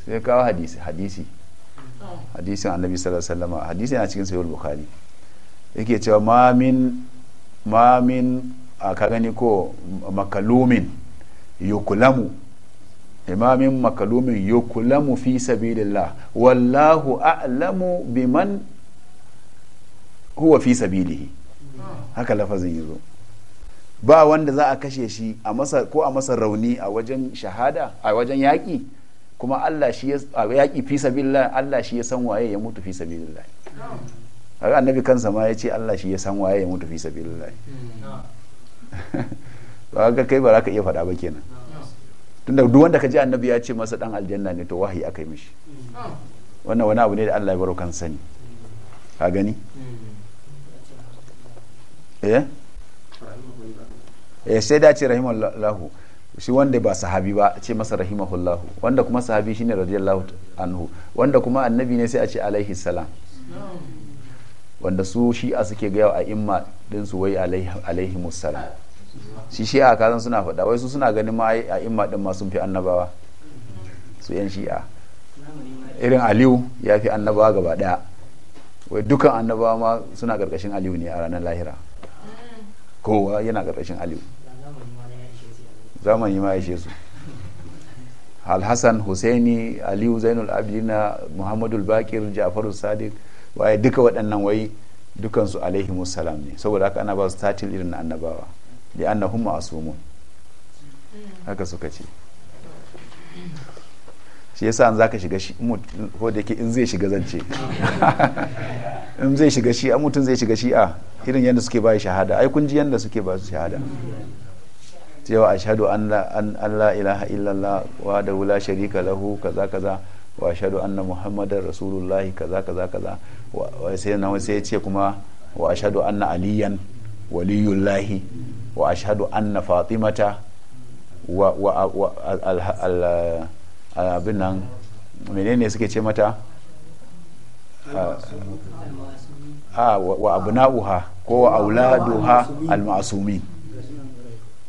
sai kawo hadisi hadisi hadisin annabi sallallahu alaihi wasallam hadisi yana cikin sahih bukhari yake cewa ma min ma min Ah, ka gani ko makalumin yukulamu imamin makalumin yukulamu fi sabilillah wallahu a'lamu biman huwa fi sabilihi haka lafazin yazo ba wanda za a kashe shi a masa ko a masa rauni a wajen shahada a wajen yaƙi kuma Allah shi ya yaƙi fi sabilillah Allah shi ya san waye ya mutu fi sabilillah annabi kansa ma ya ce Allah shi ya san waye ya mutu fi sabilillah hmm. ba ga kai ba za ka iya faɗa ba kenan tunda duk wanda ka ji annabi ya ce masa dan aljanna ne to wahayi aka yi mishi wannan wani abu ne da Allah ya baro kan sani ka gani eh eh sai da ce rahimallahu shi wanda ba sahabi ba ce masa rahimahullahu wanda kuma sahabi shine radiyallahu anhu wanda kuma annabi ne sai a ce alaihi salam wanda su shi'a suke gaya a imma din su wai alaihi musallam shi shi'a kazan suna faɗa wai su suna ganin ma a imma din ma sun fi annabawa su yan shi'a irin aliyu ya fi annabawa gaba ɗaya wai dukan annabawa ma suna karkashin aliyu ne a ranar lahira kowa yana karkashin aliyu zamani ma ya ishe su alhassan husaini aliyu zainul abdina muhammadul bakir ja'faru sadiq waye duka waɗannan wai dukansu alaihi salam ne saboda haka ana ba su tatil irin na annabawa li annahum ma'asumun haka suka ce shi yasa an zaka shiga shi ko da yake in zai shiga zance in zai shiga shi a mutun zai shiga shi a ah, irin yadda suke ba shahada ai kun ji yadda suke ba su shahada cewa ashhadu an la ilaha illallah wa da la sharika lahu kaza kaza wa ashhadu anna muhammadar rasulullahi kaza kaza kaza sai sai ya ce kuma wa ashadu anna aliyan waliyullahi wa ashhadu anna fatimata wa abin nan menene suke ce mata ah, ah, wa wa na'uha ko wa auladuha almasumin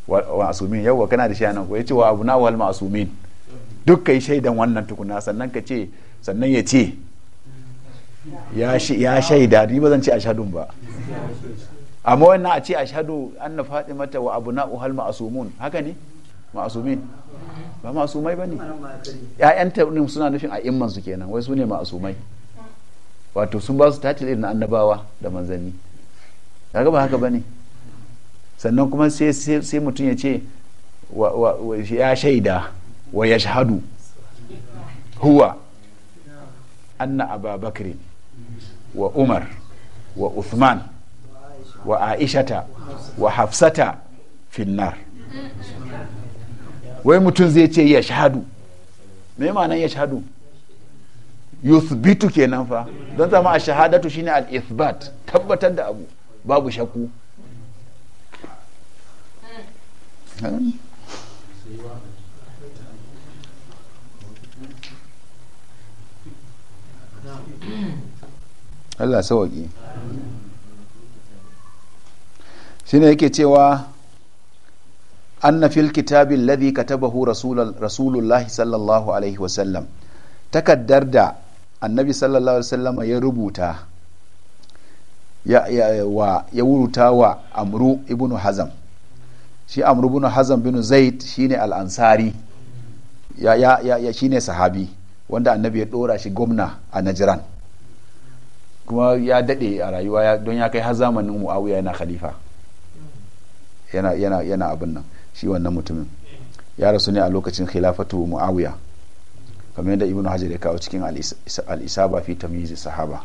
wa asumin yau kana da shi nan ko ce wa abna'uha almasumin duk kai shaidan wannan tukuna sannan ka ce sannan ya ce ya shaida ni ba zan ce ashadun ba amma wannan a ce ashadu anna fatimata wa abu na'uhal ma'asumun haka ne ma'asumin ba ma'asumai ba ne ya'yanta ne suna nufin a imman su kenan wai su ne ma'asumai wato sun ba su tatil irin annabawa da manzanni daga ba haka ba ne sannan kuma sai mutum ya ce ya shaida wa ya shahadu huwa anna bakirin wa umar wa uthman wa aishata wa hafsata finnar wai mutum zai ce ya shahadu me ma'anan ya shahadu ke kenan fa don zama a shahadatu shine al-ithbat tabbatar da abu babu shakku hmm? Allah sauƙi shi ne yake cewa na fil ladhi alladhi katabahu rasulullahi sallallahu alaihi wasallam takaddar da annabi sallallahu alaihi wasallam ya rubuta ya, ya, ya wuruta wa amru ibnu hazam shi amru ibnu hazam bin zaid shine ne ya, ya, ya, ya shine sahabi wanda annabi ya dora shi gwamna a najiran kuma ya daɗe a rayuwa don ya kai har zamanin muawiya yana khalifa yana abin nan shi wannan mutumin ya rasu ne a lokacin khilafatu muawiya kamar yadda ibn hajar ya kawo cikin al'isaba fi tamizi sahaba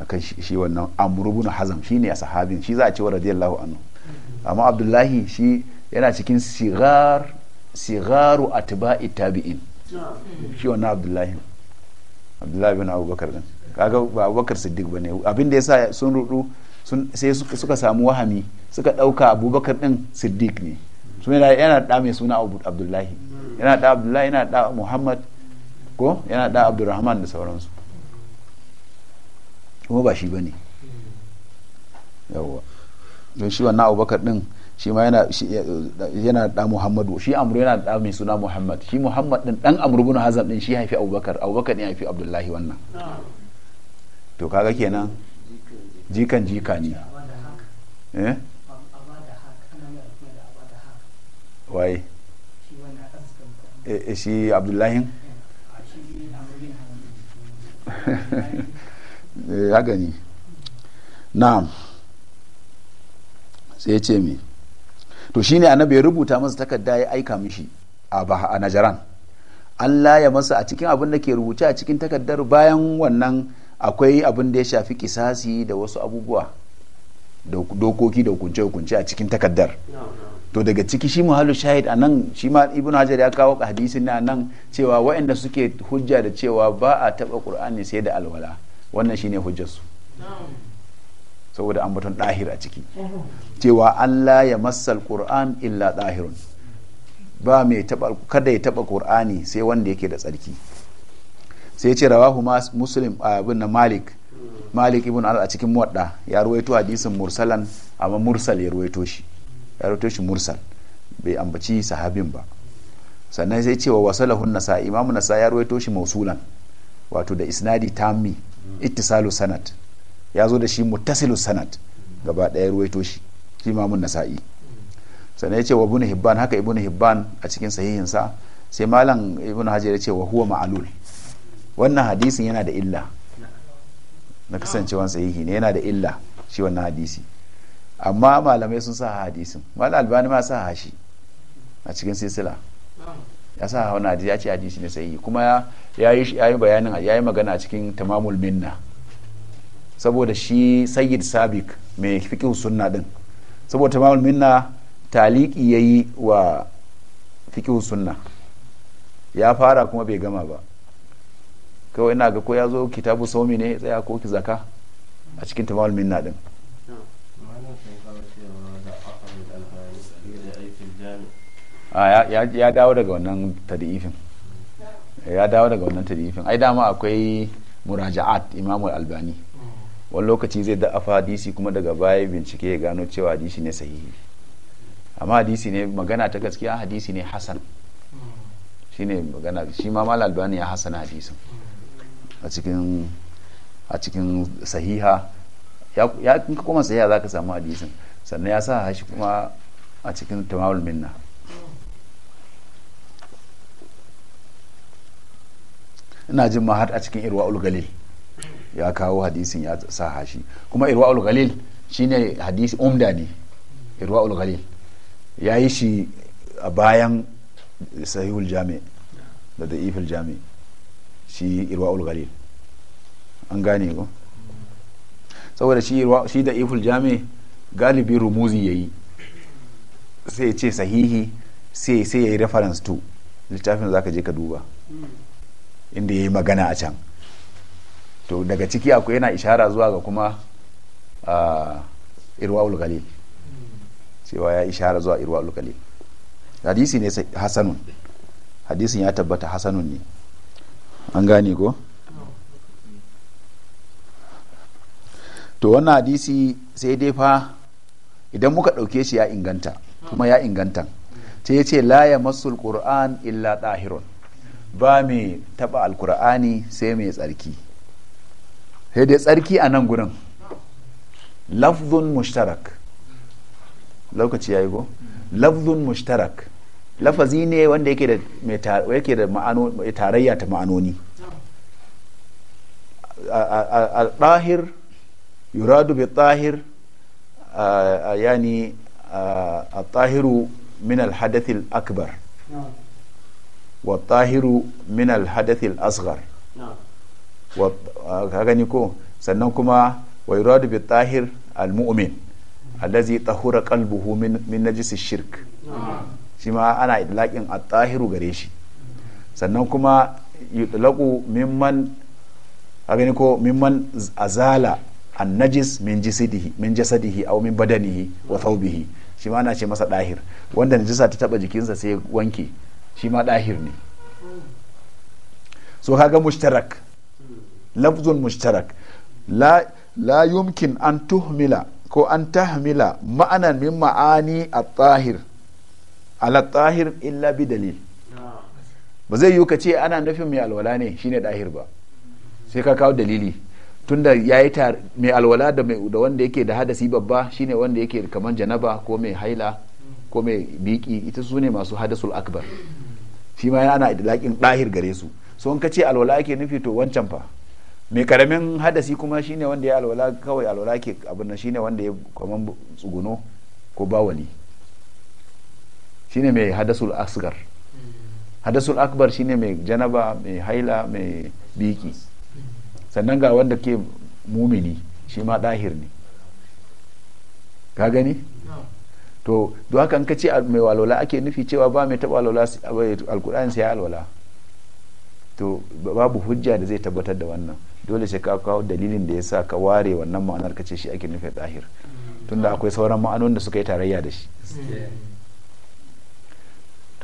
akan shi wannan amr ibn hazam ne a sahabin shi za a ce wa radiyallahu anhu amma abdullahi shi yana cikin sigar sigaru atba'i tabi'in shi wannan abdullahi abdullahi bin abubakar din kaga ba abubakar siddiq ba ne abin da yasa sun rudu sai suka samu wahami suka dauka abubakar din siddiq ne suna yana da mai suna abdullahi yana da abdullahi yana da muhammad ko yana da abdurrahman da sauransu kuma ba shi ba ne don shi wannan abubakar din shi ma yana da muhammadu shi amru yana da mai suna muhammad shi muhammad din dan amru bin hazam din shi haifi abubakar abubakar ne haifi abdullahi wannan to kaga kenan jikan jika ne eh, eh shi abdullahi ya eh, gani na'am sai ce mi to shine annabi ya rubuta masa takarda ya aika mishi a najaran an ya masa a cikin abin da ke rubuce a cikin takardar bayan wannan akwai abin da ya shafi kisasi da wasu abubuwa dokoki da hukunce-hukunce a cikin takaddar to daga ciki shi muhallu shahid a nan shi ma ibn hajar ya kawo hadisin na nan cewa waɗanda suke hujja da cewa ba a taɓa ƙur'ani sai da alwala wannan shine hujjarsu saboda an batun ɗahir a ciki cewa Allah ya massal Qur'an illa ɗahirun ba mai kada ya taɓa Qur'ani sai wanda yake da tsarki sai ce rawahu muslim abin na malik malik ibn al a cikin muwadda ya ruwaito hadisin mursalan amma mursal ya ruwaito shi ya ruwaito shi mursal bai ambaci sahabin ba sannan sai cewa wasalahun nasa imamu nasa ya ruwaito shi mausulan wato da isnadi tammi ittisalu sanat ya zo da shi muttasilu sanat gaba daya ruwaito shi shi imamun nasa'i sannan ya ce wa ibn hibban haka ibn hibban a cikin sahihinsa sai malam ibn hajar ya ce wa huwa ma'alul wannan hadisin yana da illa na kasancewan sahihi ne yana da illa shi wannan hadisi amma malamai sun sa hadisin wani albani ma sa hashi a cikin silsila ya sa wani hadisi ya ce hadisi ne sahihi kuma ya yi bayanin ya yi magana a cikin tamamul minna saboda shi sayyid sabik mai fiqh sunna din saboda tamamul minna taliki ya yi wa fiƙi sunna ya fara kuma bai gama ba kawai ina ga ko ya zo kitabu saumi ne ya tsaya ko ki zaka a cikin tamawal minna din ya dawo daga wannan tadifin ya dawo daga wannan tadifin ai dama akwai muraja'at imamul albani wani lokaci zai da afa hadisi kuma daga baya bincike ya gano cewa hadisi ne sahihi amma hadisi ne magana ta gaskiya hadisi ne hasan shine magana shi ma mal albani ya hasana hadisin a cikin a cikin sahiha ya kuma ka koma sahiha zaka samu hadisin sannan ya sa hashi kuma a cikin tamawul minna ina jin ma har a cikin irwa'ul galil ya kawo hadisin ya sa hashi kuma irwa'ul galil shine hadisi umda ne irwa'ul galil ya yi shi a bayan sahihul jami da da'ifil jami shi irwa ghalil an gane ko saboda shi da iful jami galibi rumuzi yayi sai ce sahihi sai sai yayi reference to littafin zaka je ka duba inda yayi magana a can to daga ciki akwai yana ishara zuwa ga kuma irwa ghalil cewa ya ishara zuwa irwa ghalil hadisi ne hasanun hadisin ya tabbata hasanun ne an gane ko to wannan hadisi sai dai fa idan muka ɗauke shi ya inganta kuma ya inganta ta ya ce la ya alkur'an illa ɗahirun ba mai taɓa alkur'ani sai mai tsarki sai dai tsarki a nan gurin lafzun mushtarak lokaci ya yi go lafzun mushtarak lafazi ne wanda yake da tarayya ta ma'anoni al-tahir yuradu bi tahir yani al-tahiru min al-hadath al-akbar wa tahiru min al-hadath al-asghar ka gani ko sannan kuma wa yuradu bi tahir al-mu'min allazi tahura qalbuhu min najis shirk shi ma ana idlaƙin a tahiru gare shi sannan kuma yudlaqu mimman a gani ko mimman azala an najis min jisadihi min jasadihi aw min badanihi wa thawbihi shi ma ana ce masa dahir wanda najisa ta taba jikinsa sai wanke shi ma dahir ne so kaga mushtarak lafzun mushtarak la la yumkin an tuhmila ko an tahmila ma'anan min ma'ani at-tahir ala tahir illa bi dalil ba zai yiwu ka ce ana nufin mai alwala ne shine dahir ba sai ka kawo dalili tunda ya yi mai alwala da wanda yake da hadasi babba shine wanda yake kamar janaba ko mai haila ko mai biki ita su ne masu hadasul akbar shi ma yana idlaƙin ɗahir gare su so in ka ce alwala ake nufi to wancan fa mai karamin hadasi kuma shine wanda ya alwala kawai alwala ke abin shine wanda ya kamar tsuguno ko bawali shine mai hadasul asgar hadasul akbar shine mai janaba mai haila mai biki sannan ga wanda ke mumini shi ma dahir ne ka gani to do haka ka ce mai walwala ake nufi cewa ba mai taɓa alwala alkur'ani sai alwala to babu hujja da zai tabbatar da wannan dole sai ka kawo dalilin da ya sa ka ware wannan ma'anar ka ce shi ake nufin dahir tunda akwai sauran ma'anonin da suka yi tarayya da shi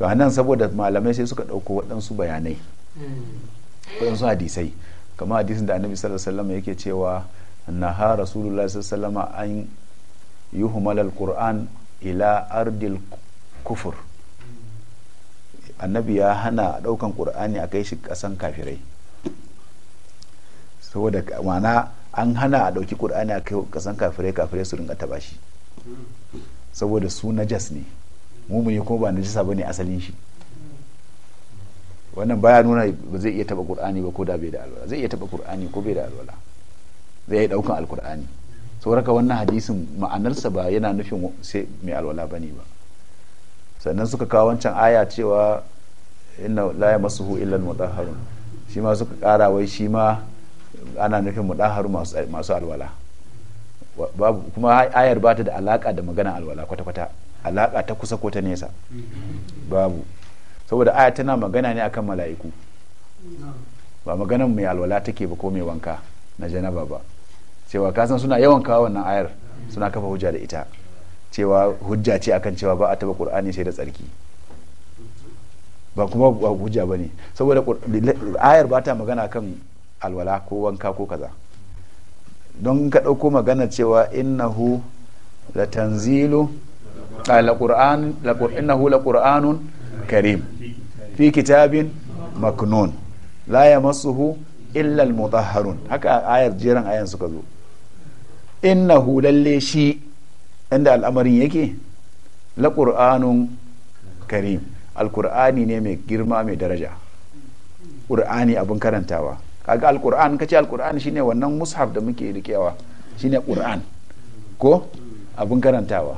to a nan saboda malamai sai suka ɗauko waɗansu bayanai hmm. waɗansu hadisai kamar hadisin da annabi sallallahu alaihi wasallam yake cewa naha rasulullah sallallahu alaihi wasallam an humalar qur'an ila ardil kufur annabi ya hana ɗaukan qur'ani a kai shi ƙasan kafirai saboda ma'ana an hana a ɗauki qur'ani a kai ƙasan kafirai kafirai su rinka taba shi hmm. saboda su najas ne mumuni kuma ba ba bane asalin shi wannan baya nuna ba zai iya taba qur'ani ba ko da bai da alwala zai iya taba qur'ani ko bai da alwala zai iya daukan alqur'ani sauraka wannan hadisin ma'anarsa ba yana nufin sai mai alwala bane ba sannan suka kawo wancan aya cewa inna la yamassuhu illa al-mutahharun shi ma suka kara wai shi ma ana nufin mudahharu masu alwala babu kuma ayar ba ta da alaka da magana alwala kwata-kwata Alaƙa ta kusa ko ta nesa babu saboda aya tana magana ne akan mala'iku ba maganan mai alwala take ba ko mai wanka na janaba ba cewa kasan suna yawan kawo wannan ayar suna kafa hujja da ita cewa hujja ce akan cewa ba a taba qur'ani sai da tsarki ba kuma ba hujja bane saboda ayar ba ta magana kan alwala ko wanka ko kaza don ka ɗauko magana cewa innahu la tanzilu innahu qur'anun karim fi kitabin maknun la yamassuhu illa almutahharun haka ayar jeran ayan suka zo innahu lalle shi inda al'amarin yake qur'anun karim alqur'ani ne mai girma mai daraja qur'ani abin karantawa kaga alqur'an kace alqur'an shine wannan mushaf da muke rikewa shine qur'an ko abin karantawa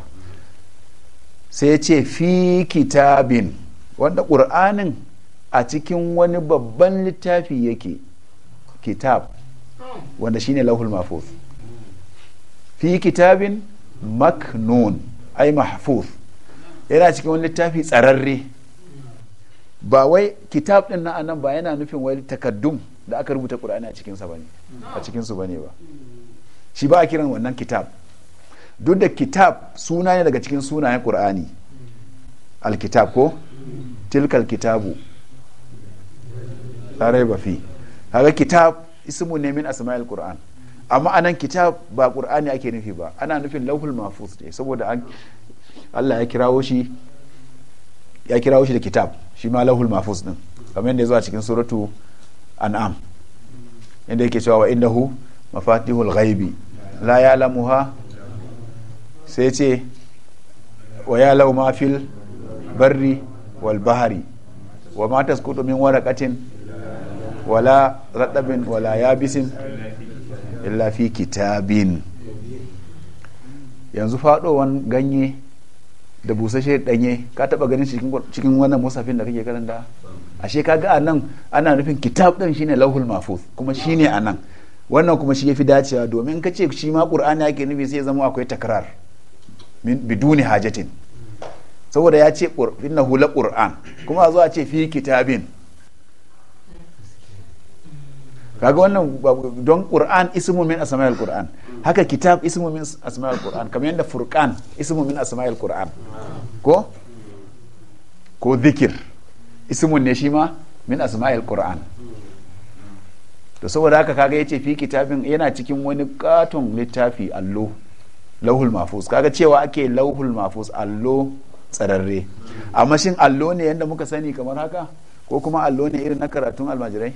sai ya ce fi kitabin wanda ƙur'anin a cikin wani babban littafi yake kitab wanda shine lahul mahfuz fi kitabin maknun ai mahfuz yana cikin wani littafi tsararre ba wai kitab din na anan ba yana nufin wai takaddum da aka rubuta qur'ani a cikin ba ne ba shi ba a kiran wannan kitab duk da kitab suna ne daga cikin sunayen qur'ani alkitab ko tilkal kitabu larai ba fi haka kitab ismu ne min asma'il qur'an amma anan kitab ba qur'ani ake nufi ba ana nufin lauhul mahfuz ne saboda Allah ya kirawo shi da kitab shi ma lauhul mahfuz din kamar yadda ya zo cikin suratu an'am inda yake cewa wa indahu mafatihul ghaibi la ya'lamuha sai ce wa ya lau mafil barri wal bahari wa ma tasqutu min katin wala raɗabin wala yabisin illa fi kitabin yanzu faɗowan ganye da busashe ɗanye ka taɓa ganin cikin wannan musafin da kake karanta ashe ka ga nan ana nufin kitab ɗin shine lauhul mafuz kuma shine anan wannan kuma shi ya fi dacewa domin ka ce shi ma qur'ani ake nufi sai zama akwai takrar biduni hajatin saboda ya ce inna hula qur'an kuma zuwa ce fi kitabin kaga wannan don qur'an ismu min asma'il qur'an haka kitab ismu min asma'il qur'an kamar yadda furqan ismu min asma'il qur'an ko ko zikir ismun ne shi ma min asma'il qur'an to saboda haka kaga yace fi kitabin yana cikin wani katon littafi allo lauhul mafus kaga cewa ake lauhul mafus allo tsararre amma shin allo ne yadda muka sani kamar haka ko kuma allo ne irin na karatun almajirai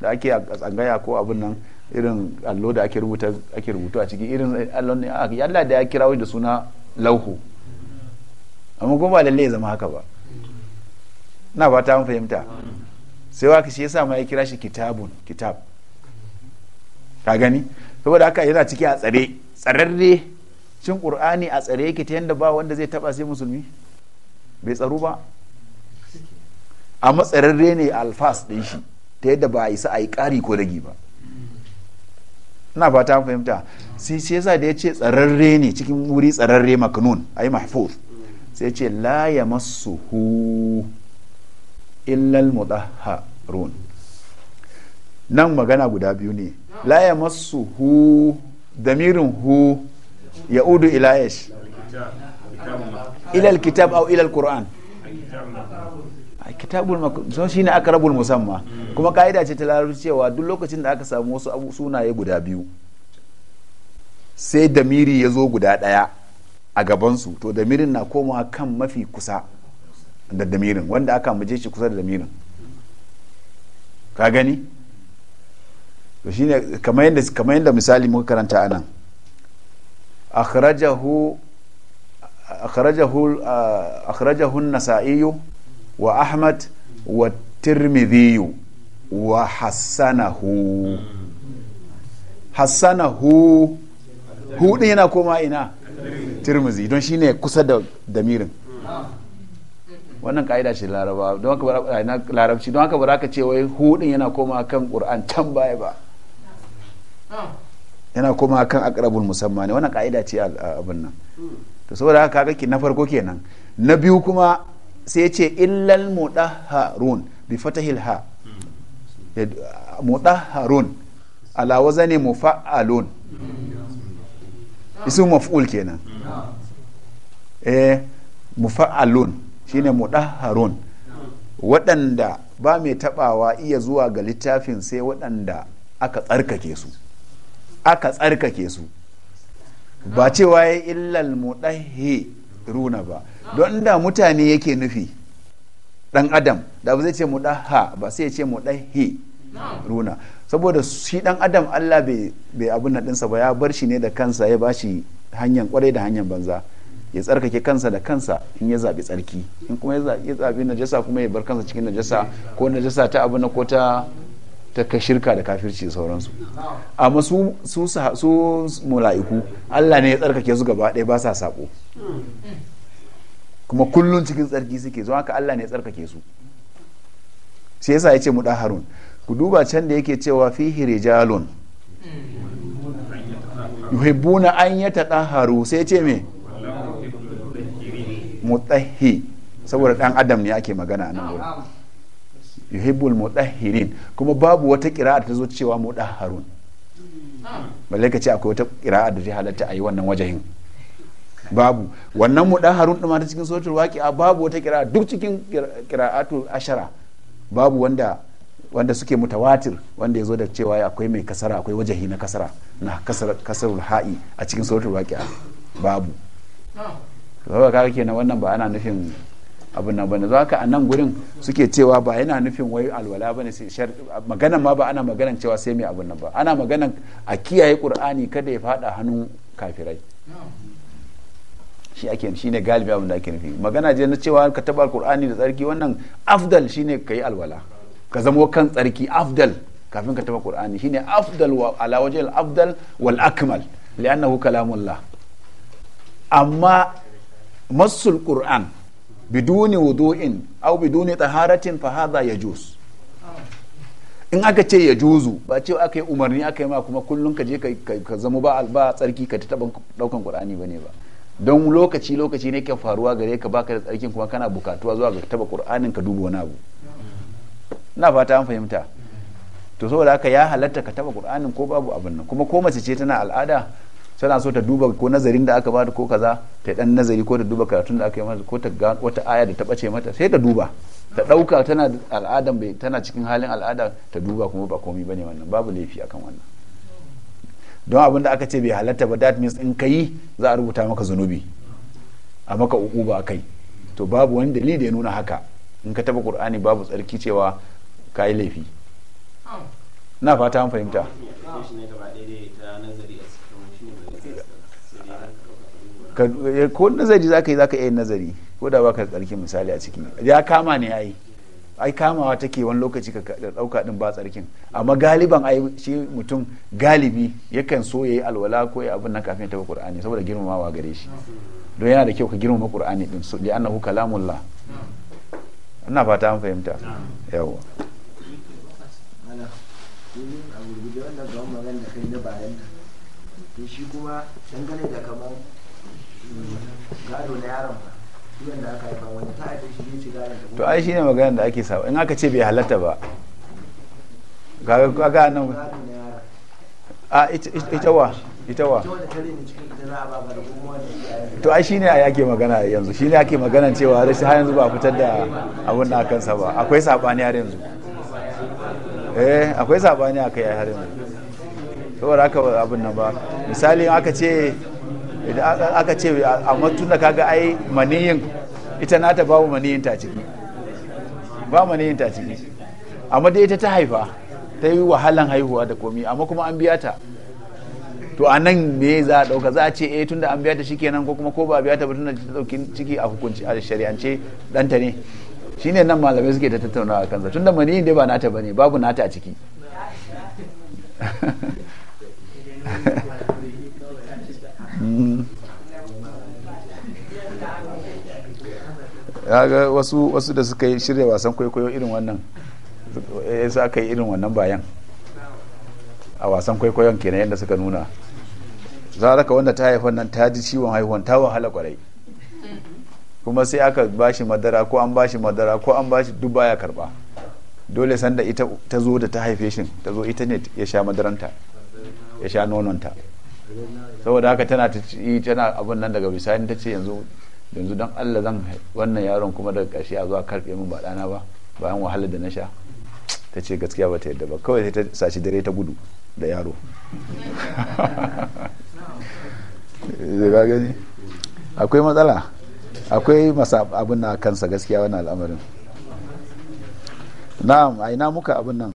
da ake a tsangaya ko abin nan irin allo da ake rubuta ake rubutu a ciki irin allo ne ah, yalla da ya kirawo da suna lauhu amma kuma ba lalle ya zama haka ba na fata mun fahimta sai wa shi yasa ma ya kira shi kitabun kitab ka gani saboda haka yana ciki a tsare tsararre shin qur'ani a tsare yake ta yadda ba wanda zai taba sai musulmi bai tsaro ba amma tsararre ne alfas din shi ta yadda ba a isa a yi ƙari ko ragi ba ina fata fahimta sai sai yasa da ya ce tsararre ne cikin wuri tsararre maknun ai mahfuz sai ce la ya masu illal harun. nan magana guda biyu ne la ya masu hu damirin hu ya'udu ila ish ila alkitab au ila alquran kitabul so shine akrabul musamma kuma ka'ida ce ta larabci cewa duk lokacin da aka samu wasu sunaye guda biyu sai damiri ya zo guda daya a gabansu to damirin na komawa kan mafi kusa da damirin wanda aka muje shi kusa da damirin ka gani to shine kamar yadda misali muka karanta anan akhrajahu uh, akhrajahu an-nasa'i wa ahmad wa tirmidhi wa hassanahu hassanahu hu din yana koma ina kusa da damirin wannan ka'ida ce laraba don haka larabci don haka ba ka ce wai hu yana koma kan qur'an can baya ba yana kuma kan akrabul musamman ne wannan ka'ida ce a abin nan to saboda haka kaga ki na farko kenan na biyu kuma sai ce illal mudahharun bi fatahil ha mudahharun ala wazani mufa'alun isu maf'ul kenan eh mufa'alun shine mudahharun waɗanda ba mai tabawa iya zuwa ga littafin sai waɗanda aka tsarkake su aka tsarkake su ba cewa ya illal mudahi runa ba don da mutane yake nufi dan adam da ba zai ce mudaha ba sai ya ce mudahi runa saboda shi dan adam Allah bai abin nadinsa ba ya bar shi ne da kansa ya bashi hanyar kwarai da hanyar banza ya tsarkake kansa da kansa in ya zaɓi tsarki in kuma ya zaɓi najasa kuma ya bar kansa cikin najasa ko najasa ta abu na ko ta ta ka shirka da kafirci sauransu amma su su su Allah ne ya tsarkake su gaba ɗaya ba sa sako kuma kullun cikin tsarki suke zuwa haka Allah ne ya tsarkake su sai yasa yace mu da harun ku duba can da yake cewa fihi rijalun yuhibbuna an haru. sai ce me mutahhi saboda dan adam ne ake magana nan gurin yuhibbul mudahhirin kuma babu wata kira'a ta zo cewa mudahharun balle ka ce akwai wata kira'a da ta halatta a yi wannan wajahin babu wannan mudahharun din ma ta cikin suratul waqi'a babu wata kira'a duk cikin kira'atu ashara babu wanda wanda suke mutawatir wanda ya zo da cewa akwai mai kasara akwai wajahi na kasara na kasarul ha'i a cikin suratul waqi'a babu. ba ah. kaga kenan wannan ba ana nufin abin nan bane zaka a nan gurin suke cewa ba yana nufin wai alwala bane sai shar magana ma ba ana maganan cewa sai mai abin nan ba ana maganan a kiyaye qur'ani kada ya fada hannu kafirai shi ake shine galibi abin da ake nufi magana je na cewa ka taba qur'ani da tsarki wannan afdal shine kai alwala ka zamo kan tsarki afdal kafin ka taba qur'ani shine afdal wa ala wajhil afdal wal akmal li'annahu kalamullah amma masul qur'an biduni wudu'in aw biduni taharatin fa hadha yajuz in aka ce ya juzu ba ce aka yi umarni aka yi ma kuma kullum ka je ka zama ba alba tsarki ka taɓa ɗaukan daukan qur'ani bane ba don lokaci lokaci ne ke faruwa gare ka baka da tsarkin kuma kana bukatuwa zuwa ga taba qur'anin ka duba wani abu na fata an fahimta to saboda haka ya halatta ka taba qur'anin ko babu abin nan kuma ko mace ce tana al'ada tana so ta duba ko nazarin da aka ba ko kaza ta dan nazari ko ta duba karatun da aka yi mata ko ta ga wata aya da ta bace mata sai ta duba ta dauka tana al'adan bai tana cikin halin al'ada ta duba kuma ba komai bane wannan babu laifi akan wannan don abin da aka ce bai halatta ba that means in kai za a rubuta maka zunubi a maka uku ba kai to babu wani dalili da ya nuna haka in ka taba qur'ani babu tsarki cewa kai laifi na fata an fahimta Eh, ko nazari za ka yi za ka iya nazari ko da baka tsarki misali a ciki ya kama ne ai ai kamawa take wani lokaci ka ɗauka din ba tsarkin amma galiban ai shi mutum galibi yakan so ya yi alwala ko ya abin nan kafin taɓa qur'ani saboda girmamawa gare shi don yana da kyau ka girmama qur'ani din so annahu kalamullah ina fata an fahimta yawa kuma dangane da kamar to ai shine maganar da ake saba in aka ce bai halatta ba kaga nan a ita wa ita wa to ai shine a yake magana yanzu shine ake magana cewa rashin har yanzu ba fitar da abun da kansa ba akwai sabani har yanzu eh akwai sabani akai har yanzu saboda ba abun nan ba misali in aka ce idan aka ce amma da kaga ai maniyin ita nata babu maniyin ta ciki ba maniyin ta ciki amma dai ita ta haifa ta yi wahalan haihuwa da komi amma kuma an biya ta to a nan me za a dauka za a ce eh tunda an biya ta shikenan ko kuma ko ba biya ta ba tunda ta dauki ciki a hukunci a shari'ance danta ne shine nan malamai suke ta tattaunawa a kansa tunda maniyin dai ba nata bane babu nata a ciki ya ga wasu wasu da suka yi shirya wasan kwaikwayo irin wannan ya eh, sa aka yi irin wannan bayan a wasan kwaikwayon kenan yadda suka nuna za ka wanda ta haifan nan ta ji ciwon haihuwan ta wahala kwarai kuma sai aka bashi madara ko an bashi madara ko an bashi duk baya karba dole sanda ita ta zo da ta haife shi ta zo ita ne ya sha madaranta ya sha nononta saboda haka tana ta ci tana abin nan daga bisani ta ce yanzu yanzu don Allah zan wannan yaron kuma daga ƙarshe a zuwa karfe min ba ɗana ba bayan wahalar da na sha ta ce gaskiya ba ta yadda ba kawai sai ta sashi dare ta gudu da yaro akwai matsala akwai masa abin na kansa gaskiya wani al'amarin na'am a ina muka abin nan